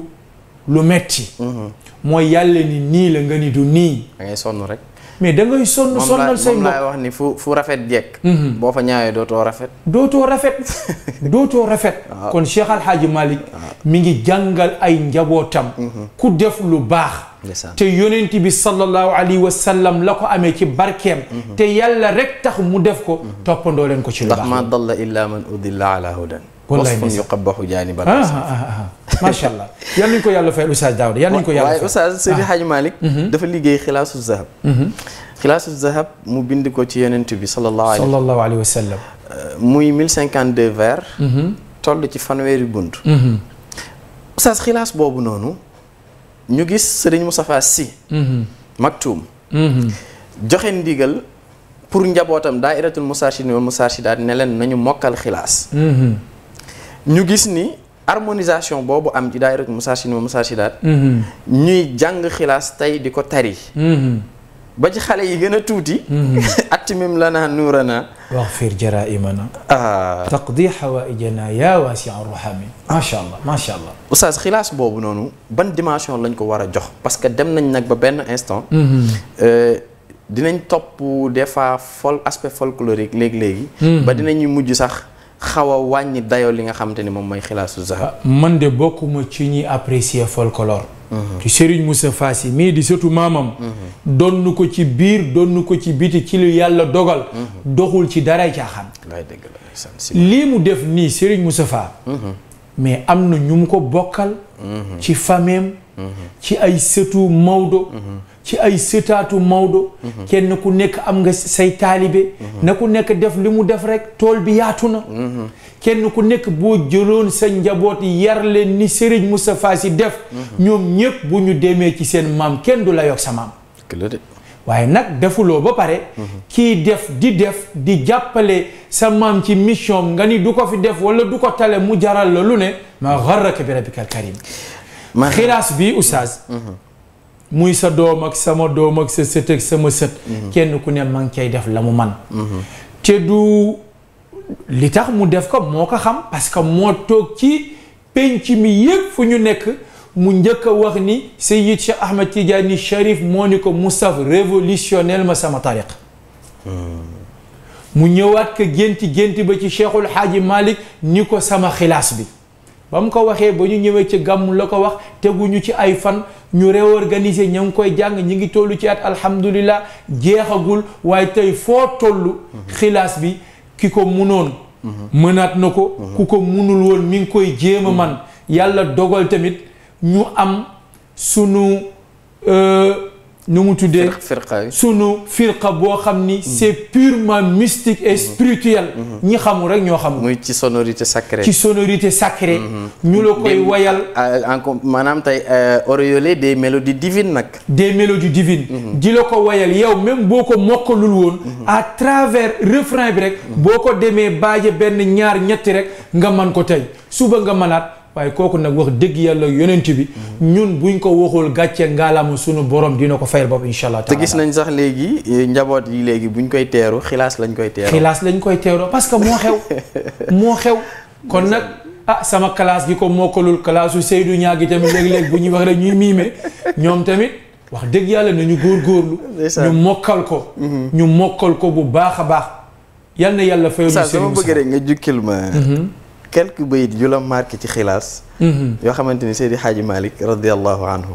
lu metti mhm. mooy yàlla ni nii la nga ni du nii. da sonn rek. mais da sonn sonnal say moom laay wax ni fu fu rafet jekk. Mhm. boo fa ñaawee dootoo rafet. dootoo rafet [LAUGHS] dootoo rafet. Ah. kon Cheikh Al Hadj Malick ah. mi ngi jàngal ay njabootam. Mhm. ku def lu baax. te yonent bi sallallahu alayhi wa sallam la ko amee ci barkeem. Mhm. te yàlla rek tax mu def ko. toppandoo leen ko ci lu baax. ndax ma dalla illa man udilla ala wasfun yuqabbahu jaanibal macha allah yal nañu ko yàlla fayal Oustaz Daouda yal nañu ko yàlla fayal waaye Oustaz ah. Seydi Hadj Malick mhm. dafa liggéey xilaasu zahab mhm. xilaasu zahab mu bind ko ci yonent bi sallallahu alayhi wa sallam euh, muy 1052 vers mhm. toll ci fanweeri bunt Oustaz xilaas boobu noonu ñu gis Sëriñ Moustapha Sy Maktoum joxe ndigal pour njabootam daa'iratul mustarshidiin wal mustarshidaat ne leen nañu mokkal xilaas ñu gis ni harmonisation boobu am ci daayira Moustarchidine wa Moustarchidaat mm-hmm. ñuy jàng xilaas tey di ko tari mm-hmm. ba ci xale yi gën a tuuti mm-hmm. [LAUGHS] atmim lana nuurana waxfir jaraimana ah. taqdi xawaaijana yaa waasi an ruhami macha allah macha allah oustaz xilaas boobu noonu ban dimension lañ ko war a jox parce que dem nañ nag ba benn instant euh, dinañ topp des fois fol aspect folklorique léegi-léegi ba dinañuy mujj sax xaw a wàññi dayoo li nga xamante ni moom mooy xilaasu zahab man de bokkuma ci ñuy apprécier folklore mhm. ci Serigne Moustapha Sy mii di surtout maamam mhm. donn ko ci biir donn ko ci biti ci lu yàlla dogal mhm. doxul ci daray caaxaan lii mu def nii Serigne Moustapha mais am na ñu mu ko bokkal ci fameem ci ay sëtu Maodo ci ay sëtaatu Maodo. Mhm. kenn ku nekk am nga say taalibe. Mhm. na ku nekk def li mu def rek tool bi yaatu na. Mhm. kenn ku nekk boo jëloon sa njaboot yar leen ni Serigne Moustapha Sy def. ñoom ñëpp bu ñu demee ci seen maam kenn du la yokk sa maam. waaye nag defuloo ba pare. kii def di def di jàppale sa maam ci mission nga ni du ko fi def wala du ko tale mu jaral la lu ne. ma gharraka bi rabbikal karim. xilaas bi oustaz. muy sa doom ak sama doom ak sa sët ak sama sët mhm. kenn ku ne ma ngi cay def la mu man mhm. te du li tax mu def ko moo ko xam parce moo toog ci penc mi yëpp fu ñu nekk mu njëkk a wax ni Seyyid Cheikh Ahmed Tidiane Cherif moo ni ko Moustapha révolutionnel ma sama tariq mhm. mu ñëwaat ka génti génti ba ci Cheikhul Xaaji Malik ni ko sama xilaas bi ba mu ko waxee ba ñu ñëwee ci gàmm la ko wax teguñu ci ay fan ñu réorganiser ña ngi koy jàng ñu ngi tollu ci at alhamdulilah jeexagul waaye tey foo toll. xilaas bi ki ko munoon. mënaat na ko. ku ko munul woon mi ngi koy jéem a man yàlla dogal tamit ñu am sunu. Euh, nu mu tuddee sunu firqa boo xam ni mm. c'est purement mystique et mm-hmm. spirituel mm-hmm. ñi xamul rek ñoo xamul muy ci sonorité sacrée ci sonorité sacrée mm-hmm. ñu la koy wayal encore maanaam tey euh, auréolé des mélodies divines nag des mélodies divines di la ko wayal yow même boo ko mokkalul woon à travers refrain bi rek boo ko demee baaje benn ñaar ñetti rek nga man ko tey suba nga mënaat waaye kooku nag wax dëgg yàlla yonent bi ñun buñ ko waxul gàcce ngaalamu sunu borom dina ko fayal bopp incha allah. te gis nañ sax léegi eh, njaboot yi léegi buñ koy teeru xilaas lañ koy teeru. xilaas lañ koy teeru parce que moo xew moo xew kon nag ah sama classe gi ko mokkalul classe su Seydou gi tamit léeg-léeg bu ñuy wax rek ñuy miime ñoom tamit. wax dëgg yàlla nañu góor góorgóorlu ñu mokkal ko mm-hmm. ñu mokkal ko bu baax a baax yal na yàlla fayal sama bëgg rek nga jukkil ma mm-hmm. quelques bayit yu la ci xilaas. Mhm. yoo xamante ni Seydi Xaaji Malick radiallahu anhu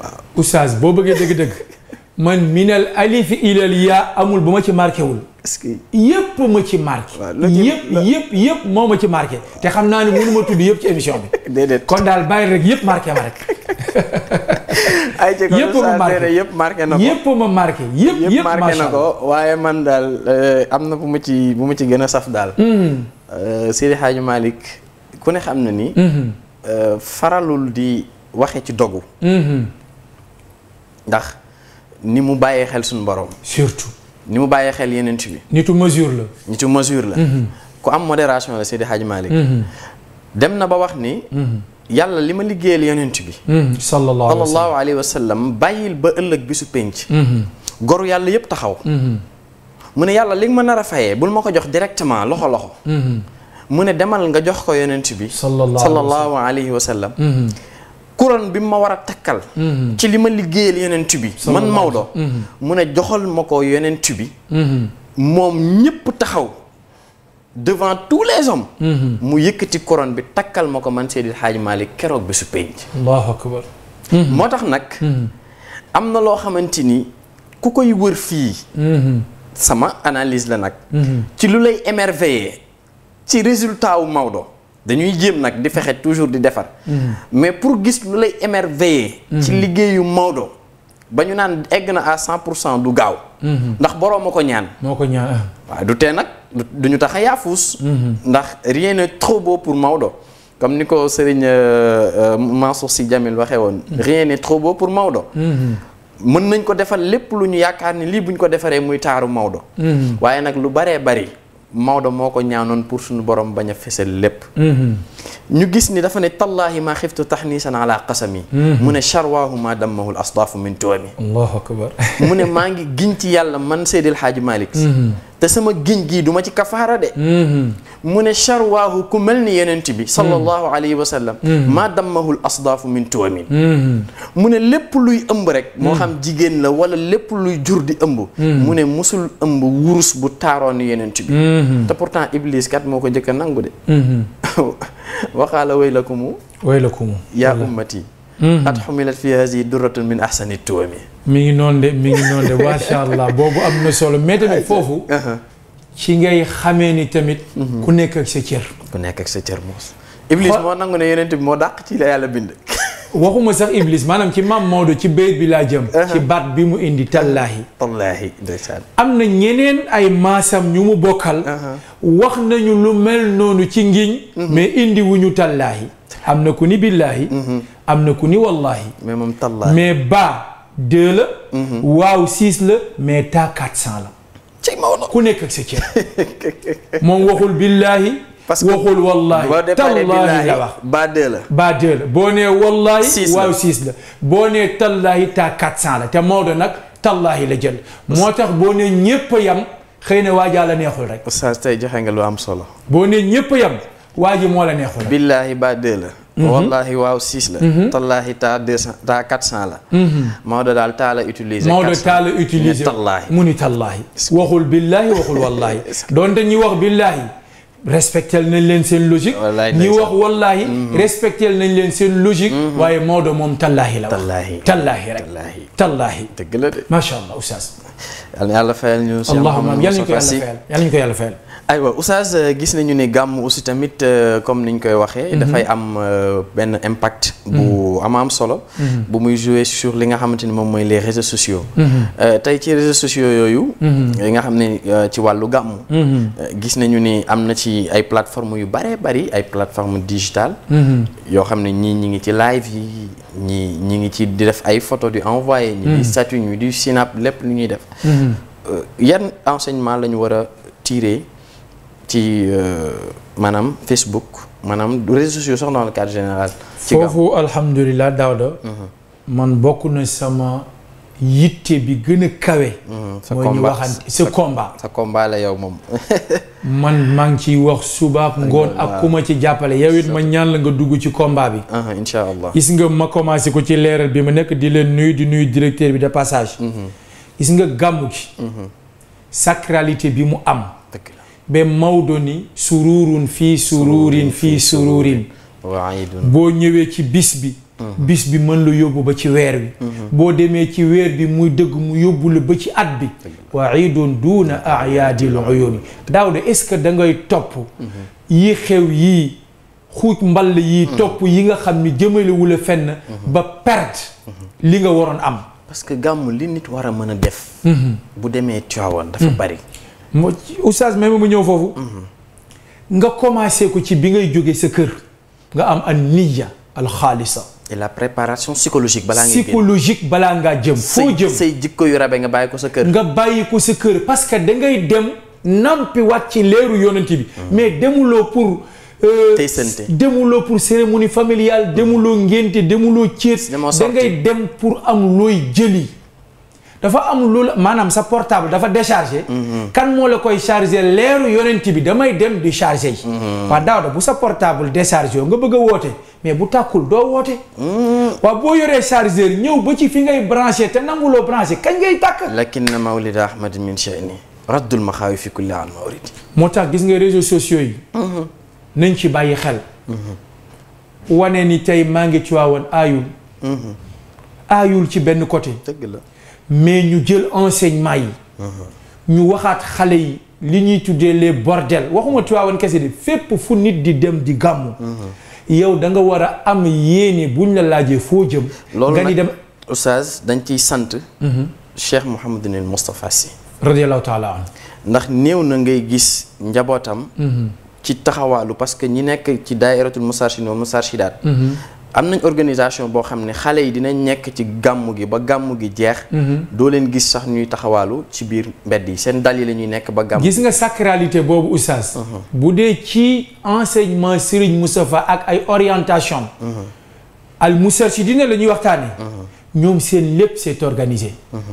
waaw oustaz boo bëggee dëgg-dëgg [LAUGHS] man minal alifi ilal yaa amul bu ma ci marqué wul. est-ce que yëpp ma ci marqué. waaw yëpp yëpp yëpp moo ma ci marqué. te xam naa ne mënu ma yëpp émission bi. [LAUGHS] déedéet kon daal bàyyi rek yëpp marqué ma rek. [LAUGHS] ay ci yëpp ma marqué yëpp marqué na ko yëpp ma marqué. yëpp na ko waaye man daal euh, am na bu ma ci bu ma ci gën a saf daal. Mhm. Euh, Seydi Hadji Malick ku ne xam na ni. Mhm. Euh, faralul di waxe ci dogu. Mhm. ndax ni mu bàyyee xel suñu borom. surtout ni mu bàyyee xel yeneen bi. nitu mesure la. nitu mesure la. Mhm. ku am modération la Seydi Hadji Malick. dem na ba wax ni. yàlla li ma liggéeyal yonent bi sallallahu alayhi ba ëllëg bi su pénc goru yàlla yépp taxaw mu ne yàlla li nga ma nar a fayee bul ma ko jox directement loxo loxo mhm. mu ne demal nga jox ko yonent bi sallallahu alayhi wa sallam mhm. couronne bi ma war a takkal mhm. ci li ma liggéeyal yonent bi man Maodo mu ne joxal ma ko yonent bi moom ñëpp taxaw devant tous les hommes mu yëkkati couronne bi takkal ma ko man Seydil xaaj Malick keroog bi su penc moo tax nag am na loo xamante ni ku koy wër fii sama analyse la nag. Mhm. ci lu lay émerveiller ci résultat wu Maodo dañuy jéem nag di fexe toujours di defar. Mhm. mais pour gis lu lay émerveiller. ci mhm. liggéeyu Maodo ba ñu naan egg na à cent pour cent du gaaw. ndax boroom moo ko ñaan. moo ko ñaan ah. du tee nag du ñu tax a yaafuus. ndax rien n'est trop beau pour Maodo. comme ni ko Serigne euh, euh, Mansour Sy Djamil waxee woon. rien n'est trop beau pour Maodo. mën nañ ko defal lépp lu ñu yaakaar ni lii bu ñu ko defaree muy taaru Maodo. Mm-hmm. waaye nag lu baree bari Maodo moo ko ñaanoon pour suñu borom bañ a fesal lépp. Mm-hmm. ñu gis ni dafa ne tallaahi maa xiftu taxniisan ala qasami mm-hmm. mu ne charwaahu maa dammahul asdaafu min tuwami allahu akbar mu ne maa ngi giñ ci yàlla man Seydil Hadji Malick. te sama giñ gii duma ci kafaara de mm-hmm. mu ne charwaahu ku mel ni yenent bi sallallahu mm-hmm. alayhi wa sallam mm-hmm. maa dammahul asdaafu min mu ne lépp luy ëmb rek moo xam jigéen la wala lépp luy jur di ëmb mu ne mosul ëmb wurus bu taaroon yenent bi te pourtant iblis kat moo ko njëkk a nangu de [LAUGHS] waxaala way la mu way la mu yaa ummati at xumilat fi haasi durratun min ahsani tuwami mi ngi noonu de mi ngi noonu de macha allah boobu am na solo mais [LAUGHS] foofu. Uh-huh. ci ngay xamee ni tamit. Mhm. ku nekk ak sa cër. ku nekk ak sa cër moos. Iblis moo nangu ne yonent bi moo dàq ci la yàlla bind. [LAUGHS] waxuma sax Iblis maanaam ci maam Maodo ci béyit bi laa jëm. Uh-huh. ci baat bi mu indi tallaahi. tallaahi ndeysaan. am na ñeneen ay maasam ñu mu bokkal. Uh-huh. wax nañu lu mel noonu ci ngiñ. Mm-hmm. mais indi wuñu tallaahi. am na ku ni billaahi mhm. am na ku ni wallaahi mais moom tallaahi mais ba mhm. waaw six la mais taa quatre cent la ku nekk si sa cër [LAUGHS] moom waxul billaahi parce que waxul wallaahi tallaahi la wax boo nee wallaahi waaw six la boo nee tallaahi taa quatre cent la te Maodo nag tallaahi la jël moo tax boo nee ñépp yam xëy na waajaa la neexul rek oustaz tey joxe nga lu am solo boo nee ñépp yam waa ji moo a neexul. billaahi ba deux la. Mhm. wallaahi la. Mhm. tallaahi taa deux cent la. Mhm. Maodo daal taa la utilisé. Maodo taa la utilisé mu ni tallaahi. waxul billaahi waxul wallaahi. [LAUGHS] donte ñi wax billaahi. respectel nañ leen seen logique. ñi wax wallaahi. respecte nañ leen seen logique. waaye Maodo moom tallaahi la wax. tallaahi rek tallaahi. dëgg la de macha allah oustaz. yal na yàlla fayal ñu. allahumma yal nañu ko yàlla fayal aywa Oustaz euh, gis nañu ni gàmm aussi tamit euh, comme ni ñu koy waxee. Mhm. dafay am euh, benn impact. bu mhm. ama am solo. Mhm. bu muy jouer sur li nga xamante ni moom mooy les réseaux sociaux. tey ci réseaux sociaux yooyu. yi nga xam ne ci wàllu gàmm. gis nañu ni am na ci ay plateformes yu bare bari ay plateformes digitales. yoo xam ne ñii ñi ngi ci live yi ñi ñi ngi ci di def ay photos di envoyé ñi di statut ñu di synap lépp lu ñuy def. yan enseignement lañu ñu war a tirer. ci euh, maanaam Facebook maanaam réseaux sociaux sax dans le cadre général. ci gaaw foofu alhamdulilah mhm. man bokk na sama yitte bi gën a kawe. Mhm. mooy ñu waxante sa combat sa combat la yow moom. [LAUGHS] man maa ngi ciy wax subaak ngoon ak ku ma ci jàppale yow it ma ñaan la nga dugg ci combat bi. Uh-huh, incha allah gis nga ma commencé ko ci leeral bi ma nekk di leen nuyu di nuyu directeur bi de passage. Mhm. gis nga gàmmu gi. sacralité bi mu am. be mawdoni sururun fii sururin fii sururin boo ñëwee ci bis bi mhm. bis bi mën la yóbbu ba ci weer bi mhm. boo demee ci weer bi muy dëgg mu yóbbu la ba ci at bi wa iidun duuna ayaadil uyuni daaw de est-ce que da ngay topp mhm. yi xew yi xuuj mball yi topp yi nga xam ni jëmalewula fenn ba perte li nga waroon am parce que gàmmu li nit war a mën a def bu demee Tiwaawan dafa bari mu oustaz même mu ñëw foofu. Mhm. nga commencé ko ci bi ngay jógee sa kër. nga am an niya al xaalisa. et la préparation psychologique balaa ngay psychologique balaa ngaa jëm. foo jëm say jikko yu rabe nga bàyyi ko sa kër. nga bàyyi ko sa kër parce da ngay dem nampiwaat ci leeru yonent bi. Mhm. mais demuloo pour. Euh, tey sante demuloo pour cérémonie familiale demuloo ngénte demuloo céet da ngay dem pour am looy jëli. dafa am lu la maanaam sa portable dafa déchargé mhm. kan moo la koy chargé leeru yonent bi damay dem di chargé yi mhm. waa daaw da bu sa portable déchargé yoo nga bëgg a woote mais bu tàkkul doo woote mhm. waaw boo yoree chargeur ñëw ba ci fi ngay branché te nanguloo branché kañ ngay tàkk lakin na mawlid ahmad min sha'ni raddul maxaawi fi kulli an mawrid moo tax gis nga réseaux sociaux yi nañ ci bàyyi xel wane ni tey maa ngi ci waawoon aayul aayul ci benn côté dëgg la mais ñu jël enseignement yi. Uh-huh. ñu waxaat xale yi li ñuy tuddee les bordels waxuma Tivaouane kese di fépp fu nit di dem di gàmmu. Uh-huh. yow da nga war a am yéene buñ la laajee foo jëm. nga ni dem oustaz dañ ciy sant. Uh-huh. Cheikh Mouhamadunil Moustapha Sy. radiyallahu taala an ndax néew na ngay gis njabootam. ci taxawaalu parce que ñi nekk ci daayiratul Moustarchidine wa Moustarchidaat am nañ organisation boo xam ne xale yi dinañ nekk ci gàmm gi ba gàmmu gi jeex. Mhm. doo leen gis sax ñuy taxawaalu ci biir mbedd yi seen dal yi la ñuy nekk ba gàmm. gis nga sacralité boobu oustaz. Mhm. bu dee ci enseignement Serigne Moustapha ak ay orientation. Mhm. al mustarchidina la ñuy waxtaanee. ñoom seen lépp c'est organisé.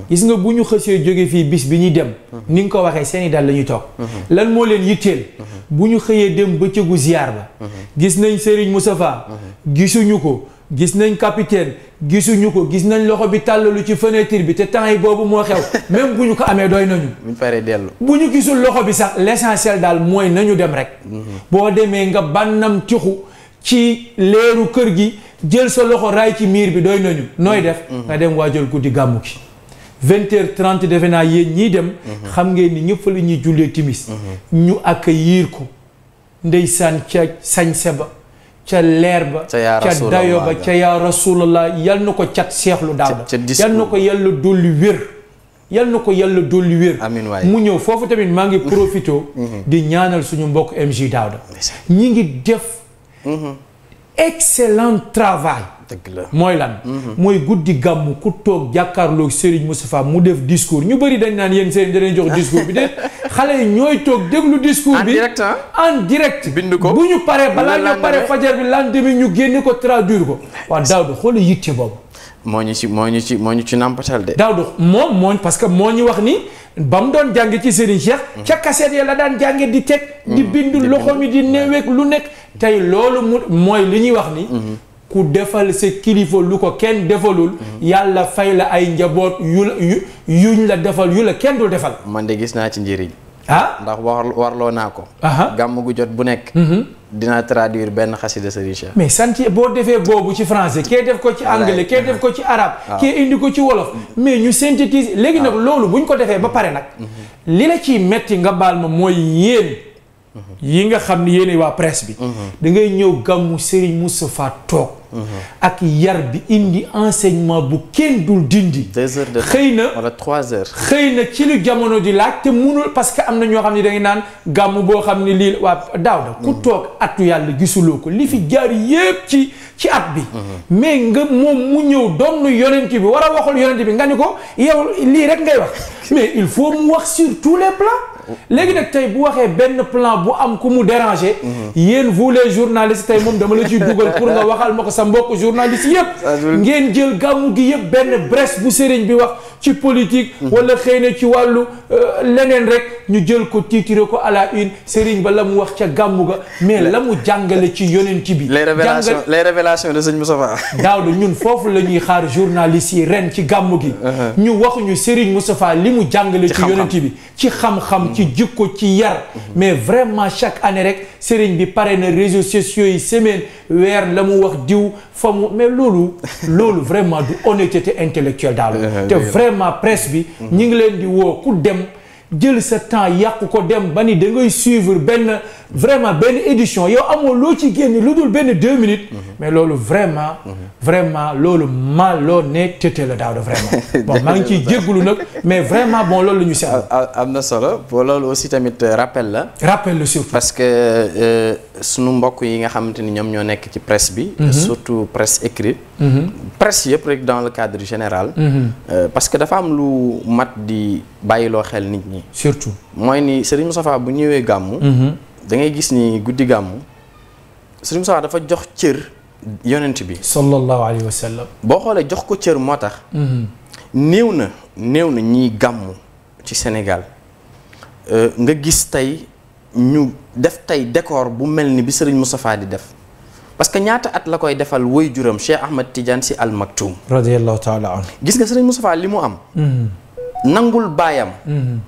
gis nga bu ñu xësee jóge fii bis bi ñuy dem. ni nga ko waxee seen i dal la ñuy toog. lan moo leen yitteel. bu ñu xëyee dem bëccëgu ziar ba. gis nañ Serigne Moustapha gisuñu ko gis nañ capitaine gisuñu ko gis nañ loxo bi tàllalu ci fenêtre bi te temps yi boobu moo xew [LAUGHS] même bu ñu ko amee doy nañu. bu ñu paree dellu. ñu gisul loxo bi sax l'essentiel daal mooy nañu dem rek. Mhm. boo demee nga bànnam tixu ci leeru kër gi. jël sa loxo raay ci miir bi doy nañu nooy mm. def mm. nga dem waajal guddi gàmmu gi vingt heures trente defe naa yéen ñiy dem mm-hmm. xam ngeen ni ñëpp fa la ñuy jullee timis mm-hmm. ñu ak accueillir ko ndeysaan ca sañse ba ca leer ba ca dayo ba ca yaa rasulallah yal na ko cat seexlu daal yal na ko yàlla dolli wér yal na ko yàlla dolli wér mu ñëw foofu tamit maa ngi [LAUGHS] profito mm-hmm. di ñaanal suñu mbokk MJ Daouda ñi ngi def excellent travail. dëgg la mooy lan. Mhm. mooy guddi gàmm ku toog jàkkaarloog Serigne Moustapha mu def discours ñu bëri dañ naan yéen Serigne danañ jox discours bi de [LAUGHS] xale yi ñooy toog déglu discours bi en direct en direct. bind ko bu ñu paree balaa ñu paree fajar bi lendemain ñu génne ko traduire ko. waa daaw bi xoolal ci boobu. moo ñu ci moo ñu ci moo ñu ci nàmpatal de. daaw du moom moo parce que moo ñu wax ni ba mu doon jàng ci Serigne Cheikh. Mm. ca kaseet ya la daan jànge di teg. di mm. bindu loxo mi di neweek lu nekk. tey loolu mu mooy li ñuy wax ni. Mm-hmm. ku defal sa kilifa lu ko kenn defalul. Mm-hmm. yàlla fay la ay njaboot yu la yu ñu la defal yu la kenn dul defal. man de gis naa ci njëriñ. ah ndax war warloo naa ko. gàmm gu jot bu nekk. Mm-hmm. dina traduire benn xasida Serigne Cheikh. mais sant boo defee boobu ci français kee def ko ci anglais kee def ko ci arabe. Ah. kee indi ko ci wolof. Mm-hmm. mais ñu synthétiser léegi nag ah. loolu bu ñu ko defee ba pare nag. Mm-hmm. li la ciy metti nga baal ma mooy yéen. Mm-hmm. yi nga xam ne yéen waa presse bi. Mm-hmm. da ngay ñëw gàmmu Serigne Moustapha toog. Mm-hmm. ak yar bi indi enseignement bu kenn dul dindi. deux heures de xëy na wala trois heures. xëy na ci lu jamono di laaj te munul parce que am na ñoo xam ne da naan gàmm boo xam ne lii waa daaw da ku toog atu yàlla gisuloo ko li fi jaar yépp ci ci at bi. mais nga moom mu ñëw doon nu yonent bi war a waxul yonent bi nga ni ko yow lii rek ngay wax [LAUGHS] mais il faut mu wax sur tous les plans. léegi nag tey bu waxee benn plan bu am ku mu déranger. Mhm. yéen vous les journalistes tey moom dama la ciy dugal pour nga waxal ma ko sa mbokk journaliste yëpp. Ah, ngeen jël gàmmu gi yëpp benn brèche bu sëriñ bi wax ci politique. Mhm. wala xëy na ci wàllu euh, leneen rek ñu jël ko tiitiré ko à la une sëriñ ba la mu wax ca gàmmu ga mais la mu jàngale ci yonent bi. la révélations les révélations de sëñ Moustapha. daaw de ñun foofu la ñuy xaar journaliste yi ren ci gàmmu gi. Uh-huh. ñu waxuñu ñu sëriñ Moustapha li mu jàngale. ci jikko ci yar mais vraiment chaque année rek sëriñ bi pare na réseaux sociaux yi semaine weer la mu wax diw fa mu mais loolu loolu vraiment du honnêteté intellectuelle daal [LAUGHS] eh, te vraiment presse bi ñi ngi leen di woo ku dem jël sa temps yàqu ko dem ba ni da ngay suivre benn vraiment benn édition yow amoo loo ci génn lu dul benn deux minutes. mais loolu vraiment. vraiment loolu ma loo ne tëte la daaw de vraiment. [LAUGHS] bon maa ngi ciy jégalu nag mais vraiment bon loolu la ñu si am. am na solo boo loolu aussi tamit euh, rappel la. rappel la surtout. parce que euh, sunu mbokk yi nga xamante ni ñoom ñoo nekk ci presse bi. Mm-hmm. surtout presse écrite. presse yëpp rek dans le cadre général. Mhm. Euh, parce que dafa am lu mat di bàyyiloo xel nit ñi. surtout mooy ni Serigne Moustapha bu ñëwee gàmmu. Mhm. da ngay gis ni guddi gàmmu Serigne Moustapha dafa jox cër yonent bi. sallallahu alayhi wa sallam. boo xoolee jox ko cër moo tax. Mhm. néew na néew na ñi gàmmu ci Sénégal euh, nga gis tey ñu def tey décor bu mel ni bi Serigne Moustapha di def. parce que ñaata at la koy defal woy juram Cheikh Ahmed Tidiane si al Maktoum. radiyallahu taala an gis nga sëriñ Moustapha li mu am. Hmm. nangul baayam. Hmm.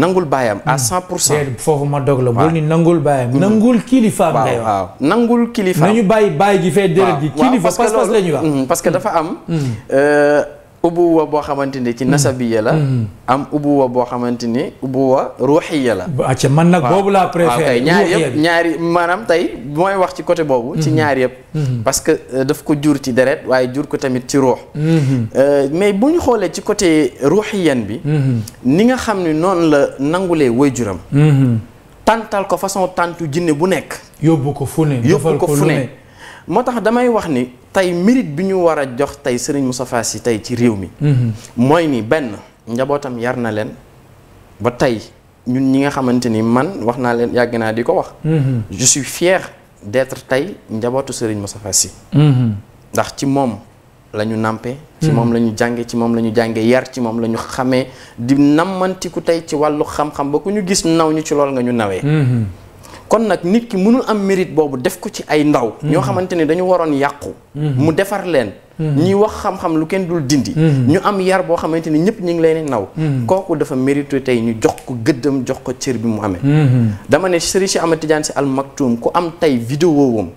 nangul baayam à 100 hmm. pour cent. foofu ma dog la bul ni nangul baayam. nangul kilifaam ngay wax waaw nangul kilifaam. bàyyi fee déret gi. kilifa pas-pas la parce que dafa am. Euh, ubuwa boo xamante ni ci nasabiya la. Mm-hmm. Mm-hmm. am ubuwa boo xamante ni ubuwa ruuxiya la. ba ca man nag boobu laa préféré. ñaar yëpp ñaari maanaam tey mooy wax ci côté boobu. ci mm-hmm. ñaar yëpp. parce que euh, daf ko jur ci deret waaye jur ko tamit ci ruux. Euh, mais bu ñu xoolee ci côté ruuxiyan bi. ni nga xam ne noonu la nangulee waajuram. tàntal ko façon tàntu jinne bu nekk. yóbbu ko fu yóbbu ko fu moo tax damay wax ni tey mirit bi ñu war a jox tey sëriñ Serigne Moustapha Sy tey ci réew mi. Mhm. mooy ni benn njabootam yar na leen ba tey ñun ñi nga xamante ni man wax naa leen yàgg naa di ko wax. Mhm. je suis fier d'être tey njabootu Serigne Moustapha Sy. Mhm. ndax ci moom lañu ñu ci moom lañu jàngee ci moom la ñu jànge yar ci moom la ñu xamee di nammantiku tey ci wàllu xam-xam ba ku ñu gis naw ñu ci lool nga ñu nawee. kon nag nit ki mënul am mérite boobu def ko ci ay ndaw ñoo mm-hmm. xamante ni dañu waroon yàqu mm-hmm. mu defar leen Hmm. ñuy wax xam-xam lu kenn dul dindi. Hmm. ñu am yar boo xamante ni ñëpp ñu ngi leen naw. Hmm. kooku dafa mérité tey ñu jox ko gëddam jox ko cër bi mu amee. dama ne Serigne Cheikh Ahmed Tidiane Sy Al Maktoum am tey vidéo wam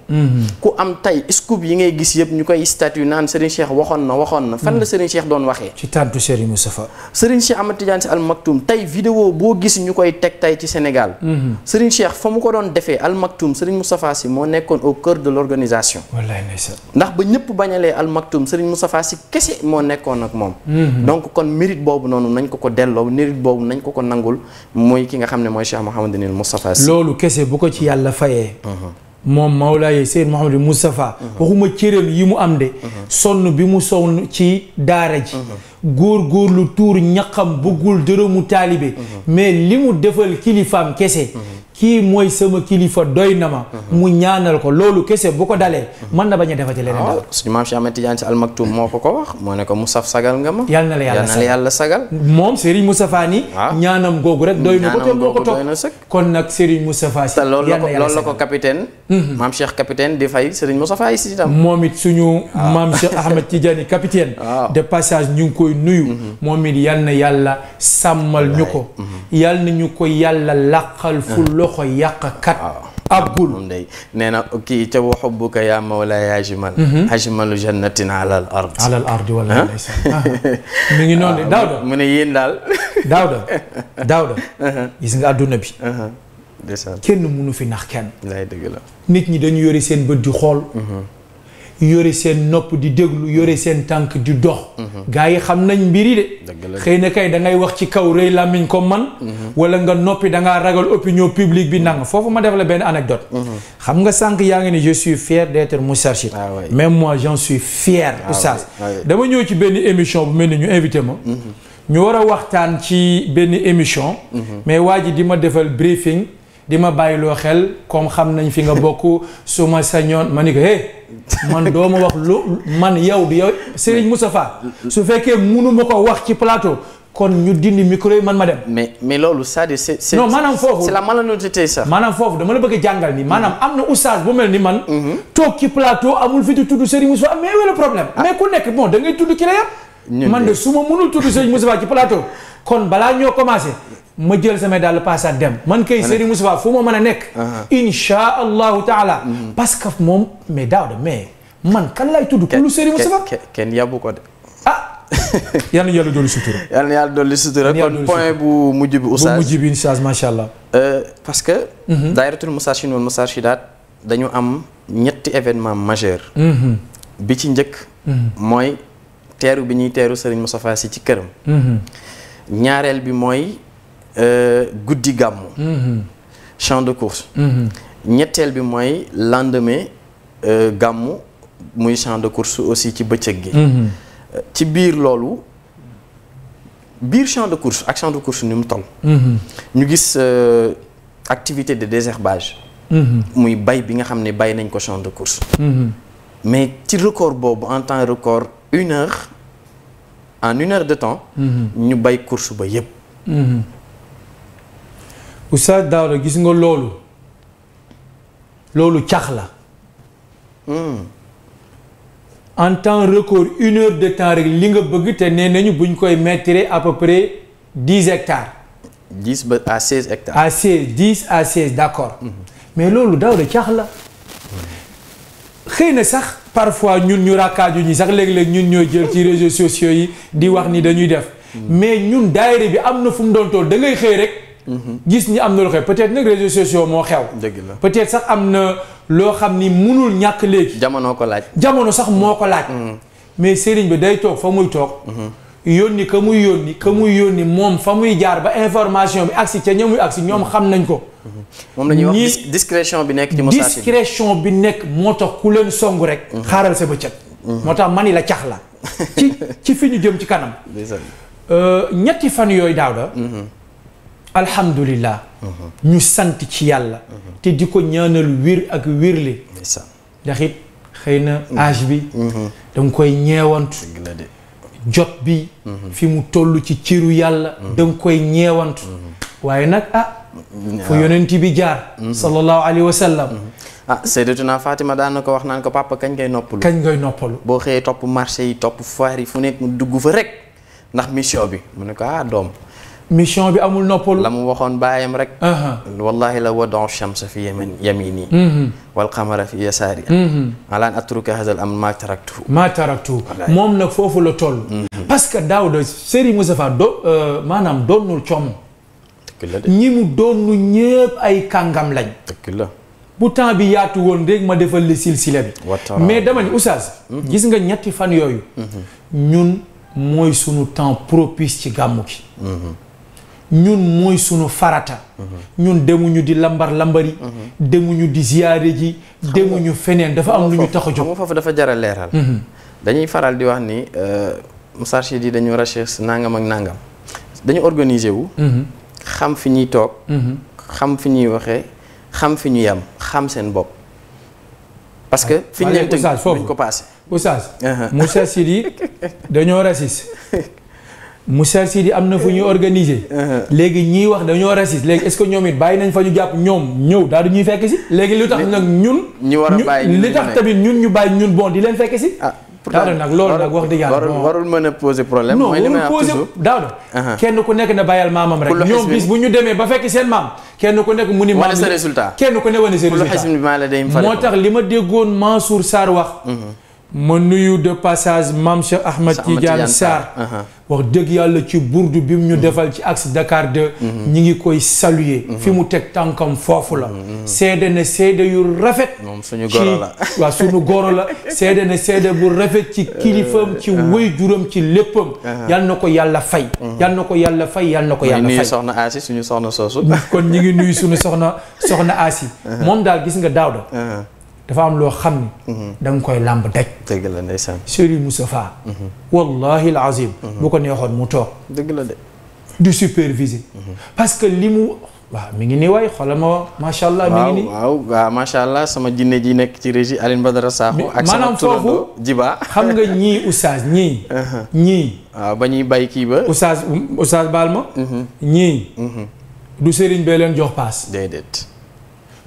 ku am tey scoop yi ngay gis yëpp ñu koy statut naan Serigne Cheikh waxoon na waxoon na fan la Serigne Cheikh doon waxee. ci tàddu Serigne Moustapha. Serigne Cheikh Ahmed Tidiane Al Maktoum tey vidéo boo gis ñu koy teg tey ci Sénégal. Serigne Cheikh fa mu ko doon defee Al Maktoum Serigne Moustapha Sy moo nekkoon au cœur de l'organisation. ndax ba ñëpp bañalee Al maktum Serigne Moustapha Sy kese moo nekkoon ak moom. Mhm. donc kon mérite boobu noonu nañ ko ko delloo mérite boobu nañ ko ko nangul mooy ki nga xam ne mooy Cheikh Mouhamadinil Moustapha Sy. loolu kese bu ko ci yàlla fayee. Mhm. moom Mawlaaye Seyd Mouhamadou Moustapha mhm. waxuma cëram yi mu am de sonn bi mu sonn ci daara ji góor góorlu tuur ñaqam bëggul dërëmu taalibe mais li mu defal kilifaam kese kii mooy sama kilifa doy na ma. Mhm. mu ñaanal ko loolu kese bu ko dalee. Mhm. mën na bañ a defati leneen ah, dara. suñu maam Cheikh Ahmed Tidiane Sy Al moo ko ko moo ne ko Moussa sagal nga ma. yal na yàlla sagal yal na la yàlla sagal. moom ah. ñaanam googu rek doy na ko te moo ko toog kon nag Serigne Moustapha Sy. yal na yàlla la ko capitaine. Mhm. maam Cheikh di fay Serigne Moustapha Sy itam. moom it suñu ah. maam Cheikh [LAUGHS] Ahmed Tidiane capitaine. de passage ñu ngi koy nuyu. moom it yal na yàlla sàmmal ñu ko. yal yàlla làqal fu loxo yàqkat ah. abgul ndey nee na kii ca waxu buka yaa mawla yaa jimal hajimalu mhm. jannatin ala al ard ala al ard wala ah. ah. mi ngi noonu daawda mu ne yéen daal daawda daawda uh-huh. gis nga àdduna bi uh-huh. kenn mënu fi nax kenn lay nit ñi dañu yori seen bët di xool uh-huh. yore seen nopp di déglu yore seen tànk di dox mhm. gaa yi xam nañ mbiri de xëy na kay da ngay wax ci kaw rëy làmmiñ ko man mhm. wala nga noppi da ngaa ragal opinion publique bi nang mhm. foofu ma def la benn anecdote xam nga sànq yaa ngi ne je suis fier d'être Moustarchid ah même moi j'en suis fier ah oustaz ah dama ñëw ci benn émission bu mel ni ñu invité ma ñu war a waxtaan ci benn émission mais waa ji di ma defal briefing di ma bàyyiloo xel comme xam nañ fi nga bokk [LAUGHS] su ma sañoon ma ni man doo ma wax lu man yow du yow Serigne Moustapha su fekkee munu ma ko wax ci plateau kon ñu dindi micro yi man ma dem. mais mais loolu c'est-à-dire c'est non maanaam foofu c'est la malhonnêteté ça. maanaam foofu dama la bëgg jàngal ni maanaam am na oustaz bu mel ni man. Mhm. toog ci plateau amul fi di tudd Serigne Moustapha mais wala problème. Ah. mais ku nekk bon da ngay tudd ki la man de su ma mënul tudd Serigne Moustapha ci plateau kon balaa ñoo commencé ma jël samay daal paasaat dem man kay ah. Serigne Moustapha fu ma mën a nekk ah. insha allahu taala mm. parce que moom mais daaw de mais man kan laay tudd ku lu Serigne Moustapha kenn yàbbu ko de ah [LAUGHS] yal na yàlla dolli sutura. yal na yàlla dolli sutura kon point bu mujj bi oustaz bu mujj bi oustaz allah. Euh, parce que. Mhm. daayratul musaashin wal musaashidaat dañu am ñetti événement majeur mhm. bi ci njëkk. Mhm. mooy teeru bi ñuy teeru Serigne Moustapha Sy ci këram. Mhm. ñaareel bi mooy euh, guddi gàmmu. Mhm. champ de course. Mhm. ñetteel bi mooy lendemain euh, gàmmu muy champ de course aussi ci bëccëg gi. ci biir loolu biir champ de course ak champ de course ni mu toll. ñu gis euh, activité de désherbage. muy bay bi nga xam ni bay nañ ko champ de course. mais ci record boobu en temps record une heure en une heure de temps. Mhm. ñu bay course ba yépp mhm. Oustaz Daouda gis nga loolu loolu cax la. Hmm. en temps record une heure de temps rek li nga bëgg te nee nañu bu ñu koy mettre à peu près dix hectares. dix ba à seize hectares. à seize dix à seize d'accord. Mm mais loolu Daouda cax la. xëy na sax. parfois ñun ñu rakkaaju ñi sax léeg-léeg ñun ñooy jël ci réseau sociaux yi di wax ni dañuy def mais ñun daayira bi am na fu mu doon tool da ngay xëy rek gis ñi am na lu xew peut-être nag réseaux sociaux moo xew peut-être sax am na loo xam ni munul ñàkk léegi jamono ko laaj jamono sax moo ko laaj mm-hmm. mais sëriñ bi day toog fa muy toog mm-hmm. yónni ka muy yónni ka muy yónni moom fa muy jaar ba information bi agsi ca ña muy agsi ñoom xam nañ ko moom la ñuy wax discrétion bi nekk ci Moussa Tine discrétion bi nekk moo tax ku leen song rek. Mhm. xaaral sa bëccëg. Mhm. moo tax mani la cax la ci [LAUGHS] ci fi ñu jëm ci kanam. Euh, ñetti fan yooyu daaw da mhm. alhamdulilah. ñu sant ci yàlla. te di ko ñaanal wir ak wirli. ndax it xëy na âge bi. da koy ñeewantu. jot bi. fi mu toll ci ciru yàlla. da koy ñeewantu. waaye nag ah. fu yonent bi jaar. sallallahu alayhi a sallam. ah Seydatuna Fatima daan na ko wax naan ko papa kañ ngay noppalu. kañ ngay noppalu. boo xëyee topp marché yi topp foire yi fu nekk mu dugg fa rek ndax mission bi mu ne ko ah doom. mission bi amul noppalu. la mu waxoon baayam rek. Uh-huh. wallahi la wadon chamsa fi yamini. Mm-hmm. wal qamara fi yasaari. Mm-hmm. ala an atruka hadal am ma taraktu. ma taraktu moom nag foofu la toll. Mm-hmm. parce que daaw de Serigne Moustapha do euh, maanaam ñi mu doon ñëpp ay kàngam lañ. bu temps bi yaatu woon rek ma defal li silsila bi. mais dama ni oustaz. Mhm. gis nga ñetti fan yooyu. Mhm. ñun mooy suñu temps propice ci gàmmu gi. Mhm. ñun mooy suñu farata. ñun demuñu di lambar lambari. demuñu di ziyaare ji. demuñu feneen dafa am lu ñu tax a jóg. foofu dafa jar a leeral. dañuy faral di wax ni euh, Moustarchidine yi dañu recherche nangam ak nangam dañu organiser wu. xam fi ñuy toog mm-hmm. xam fi ñuy waxee xam fi ñu yam xam seen bopp parce que fi ñu leen tënk foofu ko passé oustaz uh-huh. [LAUGHS] Moussa Sidi dañoo raciste Moussa Sidi am na fu ñu organiser uh-huh. léegi ñiy wax dañoo raciste léegi est-ce que ñoom it bàyyi nañ fa ñu jàpp ñoom ñëw daal du ñuy fekk léegi lu tax nag ñun ñu war a bàyyi ñun bon di leen fekk ah. Daouda nag loolu nag wax dëgg yàlla warul warul mën a poser problème. mooy li may wax toujours Daouda uh-huh. kenn ku nekk na bàyyal maamam rek. ñoom bis bu ñu demee ba fekk seen maam. kenn ku nekk mu ni maam wane sa résultat kenn ku ne wane sa résultat. moo tax li ma déggoon Mansour Sarr wax. Uh-huh. ma nuyu de passage maam Cheikh Ahmed Tidiane Sarr uh-huh. wax dëgg yàlla ci burdu bi mu ñu mm-hmm. defal ci axe Dakar 2 mm-hmm. ñi ngi koy saluer mm-hmm. fi mu teg tànkam foofu la seede ne seede yu rafet moom suñu goro la waaw suñu goro la seede ne seede bu rafet ci kilifam ci uh-huh. wéy juram ci léppam uh-huh. yal na ko yàlla fay yal na ko yàlla fay yal na ko yàlla fay soxna Asi suñu soxna soosu [LAUGHS] kon ñi ngi nuyu suñu soxna soxna Asi moom daal gis nga daaw da dafa am loo xam ni. Mhm. da nga koy làmb daj. dëgg la ndeysaan. Serigne Moustapha. Mhm. wallaahi al azim. Mhm. bu ko neexoon mu toog. dëgg la de. du superviser. parce que li mu. waaw mi ngi nii waay xoolal ma macha allah. mi ngi nii waaw waaw macha allah sama jinne ji nekk ci régie Alioune Badara Sakho. ak sama turando jiba xam nga ñii oustaz ñii. Uh-huh. ñii. waaw ba ñuy bay kii ba. oustaz oustaz baal ma. ñii. du Serigne bee leen jox paas. déedéet.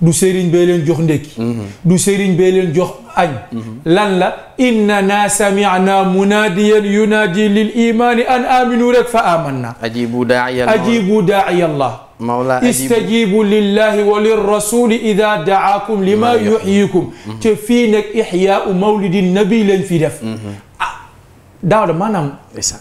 du sëriñ bee leen jox ndékki mhm. du sëriñ bee leen jox añ mhm. lan la innana sami'na munaadiyan yunaadi lil imaani an aminu rek fa amanna ajibu daa'iya allah mawla istajibu lillahi wa lirrasuli ida daakum lima yuhyikum te mhm. fii nag ixyaau mawlidi nabi lañ fi def daaw da maanaam.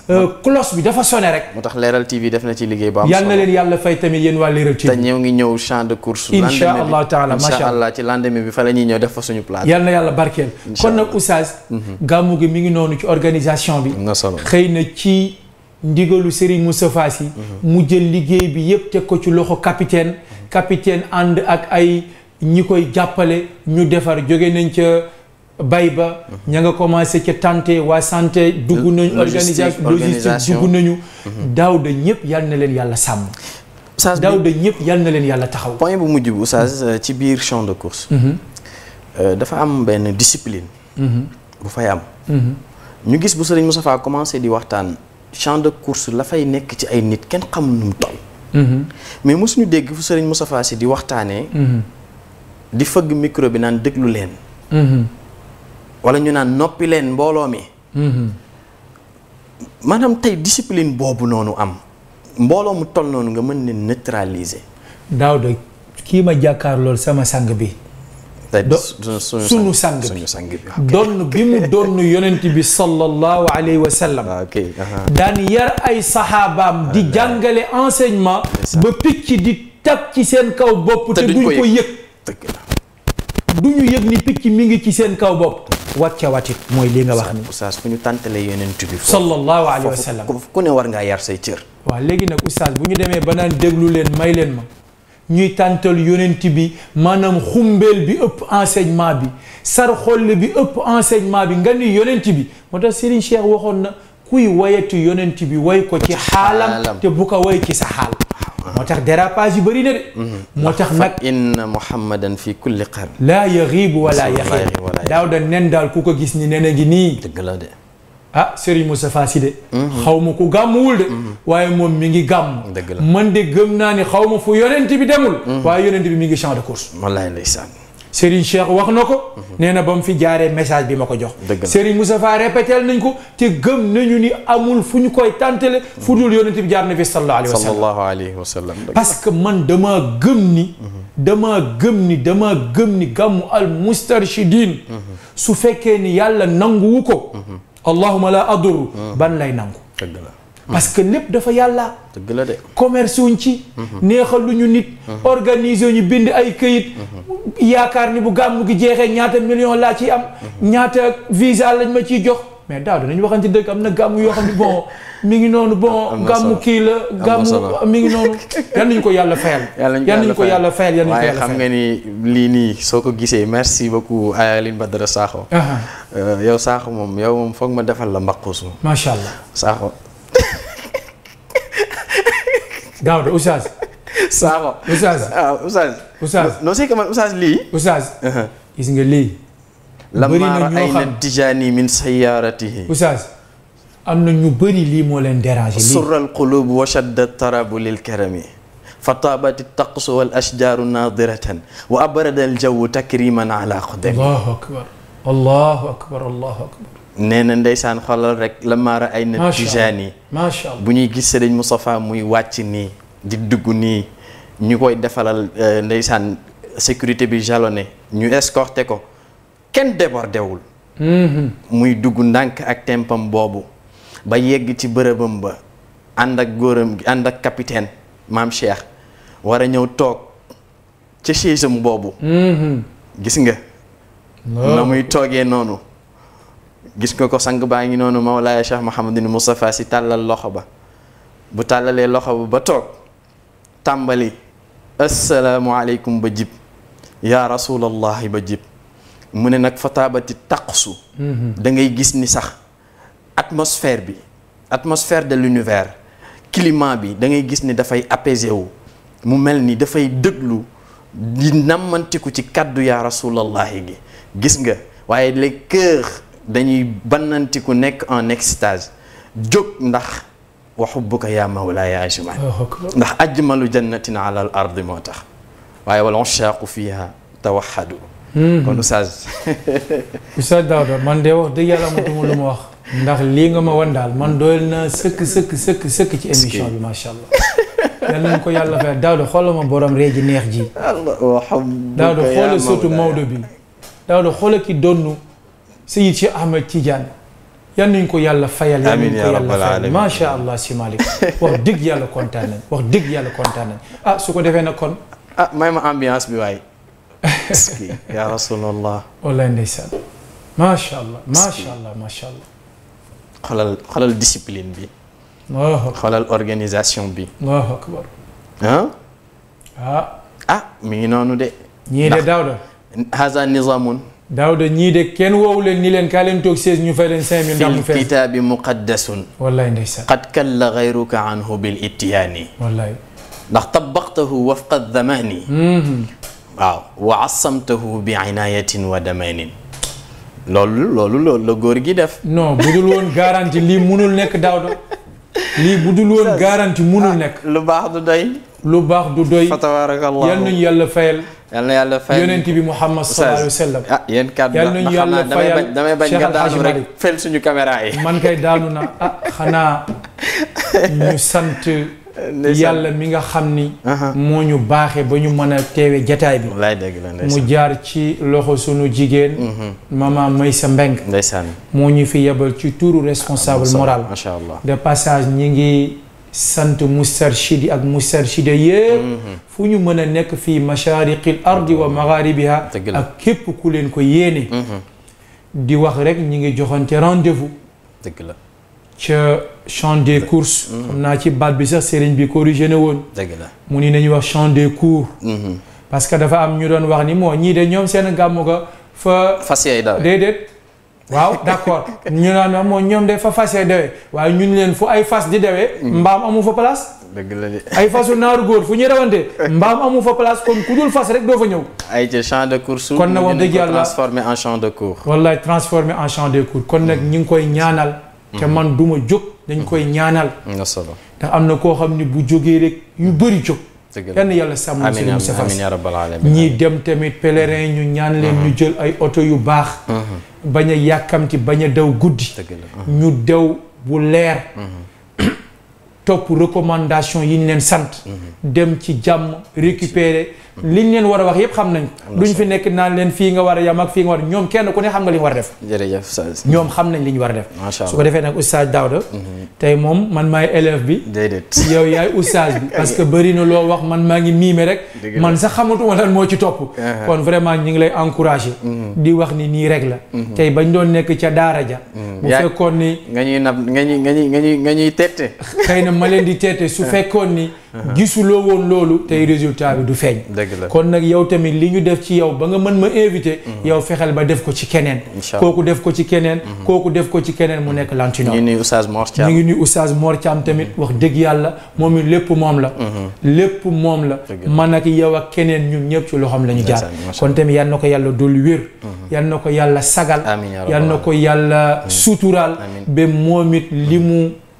Euh, cloche bi dafa sone rek. moo tax Leral TV def na ci liggéey ba am yal na leen yàlla fay tamit yéen waa Leral TV. te ñëw ngi ñëw champ de course. incha allah taala macha allah ci lendemain bi fa la ñuy ñëw def fa suñu place. yal na yàlla barkeel. kon nag oustaz. Mhm. gàmmu gi mi ngi noonu ci organisation bi. na solo xëy na ci ndigalu mu Moustapha Sy mhm. mu jël liggéey bi yépp teg ko ci loxo capitaine. Mhm. capitaine ànd ak ay ñi koy jàppale ñu defar jóge nañ ca. bay ba mhm. ña nga commencé ca tante waa santé dugg nañu organisation logistique nañu mhm. daaw de ñëpp yal na leen yàlla sàmm oustaz daaw de ñëpp yal na leen yàlla taxaw point bu mujj bu oustaz mhm. ci biir champ de course euh, dafa am benn discipline bu fay am ñu gis bu sëriñ Moustapha commencé di waxtaan champ de course la fay nekk ci ay nit kenn xam nu mu toll mais mosuñu dégg fu sëriñ Moustapha si di waxtaanee di fëgg micro bi naan déglu leen wala ñu naan noppi leen mbooloo mi. Mm-hmm. maanaam tey discipline boobu noonu am mbooloo mu toll noonu nga mën ne neutraliser. daaw de kii ma jàkkaar lool sama sang bi. sunu sang bi sang bi donn bi mu donn yonent bi sallallahu alayhi wa sallam ah, daan yar ay saxaabaam ah, di jàngale enseignement ba picc di tag ci seen kaw bopp te duñ ko yëg du ñu yëg ni picc mi ngi ci seen kaw bopp wat ca watit mooy li nga wax ni oustaz fu ñu tàntalee yonent bi sallallahu alayhi wa sallam ku ne war ngaa yar say cër waa léegi nag oustaz bu ñu demee ba naan déglu leen may leen ma ñuy tàntal yonent bi maanaam xumbeel bi ëpp enseignement bi sar xoll bi ëpp enseignement bi nga ni yonent bi moo tax Serigne Cheikh waxoon na kuy wayatu yonent bi way ko ci xaalam te bu ko way ci sa xaal moo tax dérapage yu bëri de. Mhm. moo tax nag fa inna muhammadan fi kulli qarn. laa yaxiibu wala yaxiib daaw da nen daal ku ko gis ni nen a ngi nii. dëgg la de. ah Serigne Moustapha Sy de. Mhm. xaw ma ku gàmmuwul de. Mhm. waaye moom mi ngi gàmm. dëgg la man de gëm naa ni xaw ma fu yonent bi demul. waaye yonent bi mi ngi champ de course. wallaay ndeysaan. Serigne Cheikh wax na ko. nee na ba mu fi jaaree message bi ma ko jox. dëgg Serigne Moustapha répété nañ ko te gëm nañu ni amul fu ñu koy tàntale. fu dul yonent bi jaar na fi sallallahu alayhi wa sallam. parce que man dama gëm ni. dama gëm ni dama gëm ni gàmmu al mustarshidin mhm. su fekkee ni yàlla nanguwu ko. Mhm. allahumma la adur ban lay nangu. dëgg la. parce que lépp dafa yàlla. dëgg la de commerce wuñ ci. Mhm. neexal lu ñu nit. Mhm. organiser wuñu bind ay këyit. Mhm. yaakaar ni bu gàmm gi jeexee ñaata million laa ciy am. ñaata visa lañ ma ciy jox. mais daaw dinañ waxante dëgg am na gàmm yoo xam ne bon [LAUGHS] mi ngi noonu bon gàmmu kii la gàmmu mi ngi noonu [LAUGHS] yal nañu ko yàlla fayal yal nañu ko yàlla fayal yal nañu ko yàlla fayal waaye xam nga ni lii nii soo ko gisee merci beaucoup Aline Badara Sakho uh-huh. euh, yow Sakho moom yow moom foog ma defal la mbaqus moom macha allah Sakho gaaw de Oustaz. Sakho Oustaz waaw ah, Oustaz. Oustaz non c'est que man Oustaz lii. Oustaz. gis nga lii. bëri na ñoo xam lamma ra'ayna tijaani min sayyaratihi. Oustaz am na ñu bëri lii moo leen déranger. lii surra al-qulub wa shadda tarabu lil karami fa taabati taqsu wal ashjaaru naadiratan wa abrada al jawwu takriman ala qadami. allahu akbar allahu akbar allahu akbar. nee na ndeysaan xoolal rek la maara ay na tijaan yi bu ñuy gis sëriñ Moustapha muy wàcc nii di dugg nii ñu koy defalal euh, ndeysaan sécurité bi jalonné ñu escorté ko kenn débordé wul mhm. muy dugg ndànk ak tempam boobu ba yegg ci bërëbam ba ànd ak góoram gi ànd ak capitaine maam Cheikh war a ñëw toog ca chaise am boobu mhm. gis nga na muy toogee noonu gis nga ko sang baa ngi noonu Mawlaaya Cheikh Mouhamadul Moustapha si tàllal loxo ba bu tàllalee loxo ba ba toog tàmbali asalaamualeykum ba jib yaa rasulallahi ba jib mu ne nag fataabati taqsu mhm. da ngay gis ni sax atmosphère bi atmosphère de l'univers climat bi da ngay gis ni dafay apaisé wu mu mel ni dafay dëglu di nammantiku ci kàddu yaa rasulallahi gi gis nga waaye le cœur dañuy bannanti ku nekk en extase jóg ndax wa hubbuka yaa mawlaaya ajmal ndax ajmalu jannatin ala al ardi moo tax waaye wal ushaaqu fiha tawahadu hmm. kon oustaz oustaz Daouda man de wax dëgg yàlla amatuma lu ma wax ndax lii nga ma wan daal man doyal na sëkk sëkk sëkk sëkk ci émission bi macha allah yal nañ ko yàlla fay Daouda xoolal ma borom ree ji neex ji Daouda xoola surtout Maodo bi Daouda xoola ki donnu Seyid Cheikh Ahmed Tidiane yan nañ ko yàlla fayal yan nañ ko yàlla fayal macha allah si Malick wax dëgg yàlla kontaan nañ wax dëgg yàlla kontaan nañ ah su ko defee nag kon ah may ma ambiance bi waay yaa rasulallah wallaay ndeysaan macha allah macha allah macha allah xoolal xoolal discipline bi waaw xoolal organisation bi. allahu akbar. ah. ah mi ngi noonu de. ñii de daaw da. haza nizamun daawda ñii de kenn woowu leen ni leen kaa leen seize ñu fay leen cinq mille ndax mu fees fil kitaabi muqaddasun wallaay ndeysaan qad kalla gayruka anhu bil ittiyaani wallaay ndax tabaqtahu wafqa zamani mhm. waaw wa assamtahu bi inayatin wa damanin loolu loolu loolu la góor gi def non bu dul woon nekk daawda bu dul woon [LAUGHS] garanti munul ah, nekk lu baax lu baax du doy. fatabaarakallah yal nañu yàlla fayal. yal na yàlla fayal yonent bi Muhammad sallallahu alayhi wa sallam. ah yéen kàddu yal nañu yàlla fayal damay bañ nga daanu rek suñu caméra yi. man kay daanu na ah xanaa [LAUGHS] ñu sant. yàlla mi nga xam ni. moo ñu baaxee ba ñu mën a teewe jataay bi. mu jaar ci loxo sunu jigéen. Mhm. maman Maysa Mbeng. ndeysaan moo ñu fi yebal ci turu responsable moral. macha allah de passage ñi ngi. sant mustarshidi ak mustarshida yépp mhm. fu ñu mën a nekk fii mashariqil ardi wa magharibiha ak képp ku leen ko yéene mhm. di wax rek ñi ngi joxante rendez-vous la ca champ des courses mhm. naa ci baat bi sax sëriñ bi corrigé na woon dëgg la mu ni nañu wax champ des cours parce que dafa am ñu doon wax ni moo ñii de ñoom seen gàmmu ga fa fas yay dawe waaw d'accord ñu naan ma ah, moom ñoom de fa fasee dewee waaye nu leen fu ay fas di dewee mbaam amu fa place dëgg la ay fasu naaru góor fu ñuy rawante mbaam amu fa place kon ku dul fas rek doo fa ñëw ay ca champ de course kon na wax dëgg yàlla transformé en champ de en champ de kon nag mm. ñi ngi koy ñaanal te mm-hmm. man duma jóg dañ mm-hmm. koy ñaanal ndax am na koo xam ne bu jógee rek yu bëri jóg kenn yàlla sàmm suñu safas ñi dem tamit pèlerin ñu ñaan leen ñu mm-hmm. jël ay oto yu baax mm-hmm. bañ a yàkkamti bañ a daw guddi mm-hmm. ñu dew bu leer [COUGHS] topp recommandation yi ñu leen sant dem ci jàmm récupérer liñ leen war a wax yëpp xam nañ duñ fi nekk naan leen fii nga war a yam ak fii nga war ñoom kenn ku ne xam nga li war a def ñoom xam nañ li ñu war a def su ko defee nag oustaz Daouda mm-hmm. tey moom man maay élève bi déedéet [LAUGHS] yow yaay oustaz bi parce que bëri na loo wax man maa ngi miime rek man sax xamatuma lan moo ci topp uh-huh. kon vraiment ñu ngi lay encouragé mm-hmm. di wax ni nii rek la mm-hmm. tey bañ doon nekk ca daara ja bu fekkoon ni nga ñuy nab nga ñuy nga nga nga ñuy teete xëy na ma leen di teete su [LAUGHS] fekkoon ni Uh-huh. gisuloo woon loolu tey mm-hmm. résultat bi du feeñ kon nag yow tamit li ñu def ci yow ba nga man ma invité mm-hmm. yow fexeel ba def ko ci keneen kooku def ko ci keneen mm-hmm. kooku def ko ci keneen mu nekk lantino ñu ngi nuyu Oustaz Mor Thiam ñu ngi nuyu Oustaz Mor Thiam tamit wax dëgg yàlla moom it lépp moom la lépp moom la man ak yow ak keneen ñun ñëpp ci loxoom la ñu jaar kon tamit yal na ko yàlla doolu wér yal na ko yàlla sagal yal na ko yàlla suturaal ba moom it li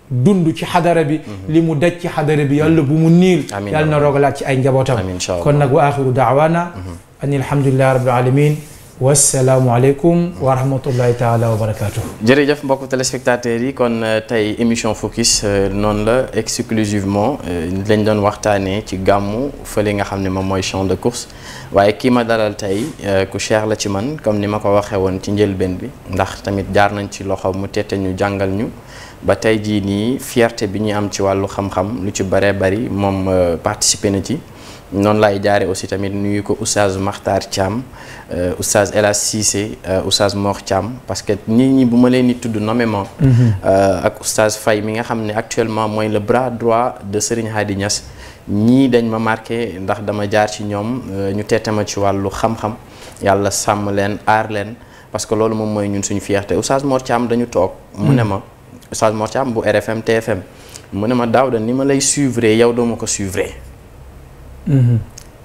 dund ci xadara bi mhm. li mu daj ci xadara bi yàlla bu mu niil yàlla na rogalaat ci ay njabootam kon nag wa axiru daawaana mhm. an alhamdulilahi rabbil alamin wasalaamualeykum wa rahmatullahi taala wa barakaatu. jërëjëf mbokku téléspectateurs yi kon euh, tey émission focus euh, noonu la exclusivement euh, lañ doon waxtaanee ci gàmmu fële nga xam ne moom mooy champ de course waaye kii ma daral tey ku cher la ci man comme ni ma ko waxee woon ci njëlbeen bi ndax tamit jaar nañ ci loxo mu ñu jàngal ñu. ba tey jii nii fierté bi ñu am ci wàllu xam-xam lu ci bëree bari moom euh, participer na ci noonu laay jaare aussi tamit nuyu ko oustaz Makhtar Thiam euh, oustaz El Hadj Cissé euh, oustaz Mor Thiam parce que nit ñi bu ma leen di tudd nommément mhm. ak oustaz fay mi nga xam ne actuellement mooy le bras droit de Serigne Hadi Niass ñii dañ ma marqué ndax dama jaar ci ñoom ñu teete ma ci wàllu xam-xam yàlla sàmm leen aar leen parce que loolu moom mooy ñun suñu fierté oustaz Mor Thiam dañu toog mu ne ma Oustaz Mor Thiam bu RFM TFM mu ne ma daaw da ni ma lay suivre yow doo ma ko suivre. Mhm.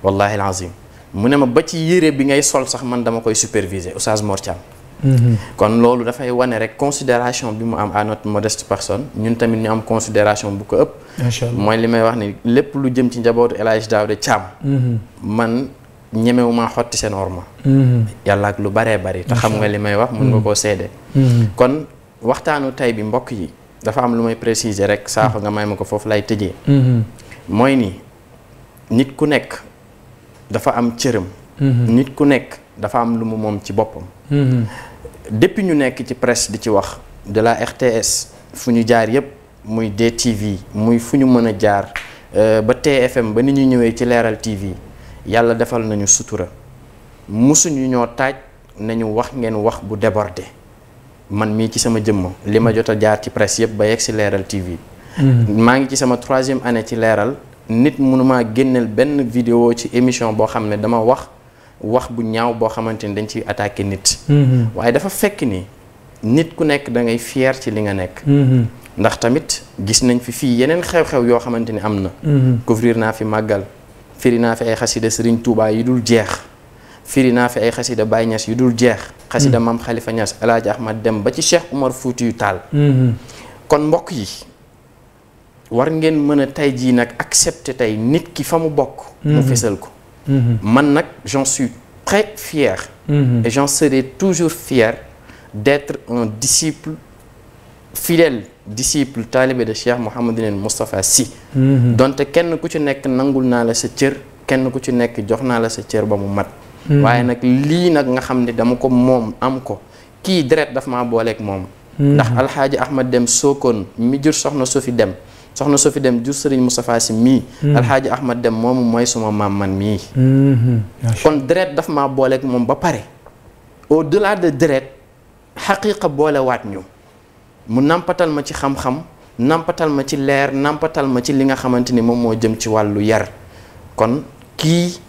wallahi alazim mu ne ma ba ci yére bi ngay sol sax man dama koy superviser Oustaz Mor Thiam. Mhm. kon loolu dafay wane rek considération bi mu am à notre modeste personne ñun tamit ñu am considération bu ko ëpp. macha mooy li may wax ni lépp lu jëm ci njabootu El Hadj de Thiam. Mhm. man ñemewuma xotti seen orma. yàlla ak lu baree bari. te xam nga li may wax mun nga koo seede. kon waxtaanu tay bi mbokk yi dafa am lu may préciser rek saaxo nga may ma ko foofu laay tëjee mm-hmm. mooy ni nit ku nekk dafa am cëram mm-hmm. nit ku nekk dafa am lu mu moom ci boppam mm-hmm. depuis ñu nekk ci presse di ci wax de la RTS fu ñu jaar yépp muy DTV muy fu ñu mën a jaar euh, ba TFM ba ni ñu ñëwee ci leeral TV yàlla defal nañu sutura musuñu ñoo taaj nañu wax ngeen wax bu débordé man mii ci sama jëmm li ma jot a jaar ci presse yëpp ba yegg si leeral TV. Mhm. maa ngi ci sama troisième année ci leeral nit mënumaa génneel benn vidéo ci émission boo xam ne dama wax wax bu ñaaw boo xamante ni dañ ciy attaqué nit. Mhm. waaye dafa fekk ni nit ku nekk da ngay fier ci li nga nekk. Mhm. ndax tamit gis nañ fi fii yeneen xew-xew yoo xamante ni am na. couvrir naa fi màggal fiir naa fi ay xasida Sëriñ Tuubaa yi dul jeex. firi naa fi ay xasida Baye Niass yu dul jeex xasida mm. Maam Khalifa Niass Alaaji Ahmad dem ba ci Cheikh Omar Fuuti yu taal mm-hmm. kon mbokk yi war ngeen mën tey jii nag accepter tey nit ki fa mu bokk mu mm-hmm. fésal ko mm-hmm. man nag j'en suis très fier et j'en serai toujours fier d'être un disciple fidèle disciple taalibe de Cheikh Mouhamadinel Moustapha Sy donte kenn ku ci nekk nangul naa la sa cër kenn ku ci nekk jox naa la sa cër ba mu mat Hmm. waaye nag lii nag nga xam ne dama ko moom am ko kii deret daf ma booleek moom hmm. ndax alxaaji ahmad dem soo sookoon mi jur soxna su fi dem soxna su fi dem jur sëriñ Moustapha si mii hmm. alxaaji ahmad dem moomu mooy suma maam man mii kon deret daf ma booleek moom ba pare au delà de deret xaqiqa boolewaat ñu mu nàmpatal ma ci xam-xam nampatal ma ci leer nàmpatal ma ci li nga xamante ni moom moo jëm ci wàllu yar kon kii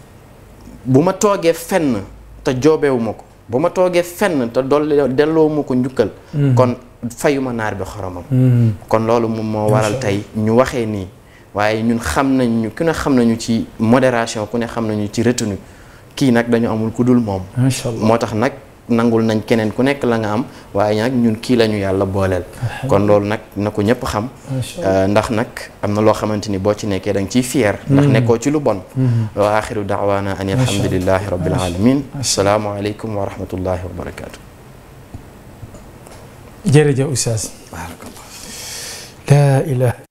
bu ma toogee fenn te joobeewu ma ko bu ma toogee fenn te dool delloo ma ko njukkal mm. kon fayuma naar bi xoromam mm. kon loolu moom moo waral tey ñu waxee nii waaye ñun xam nañu ku ne xam nañu ci modération ku ne xam nañu ci retenue kii nag dañu amul ku dul moom moo tax nag nangul nañ keneen ku nekk la nga am waaye nag ñun kii lañu yàlla booleel kon loolu nag na ko ñëpp xam euh, ndax nag am na loo xamante ni boo ci nekkee da ciy fier hmm. ndax nekkoo ci lu bon hmm. wa axiru daawaana an alhamdulillahi rabbil alamin assalaamu aleykum wa rahmatullahi wa barakaatu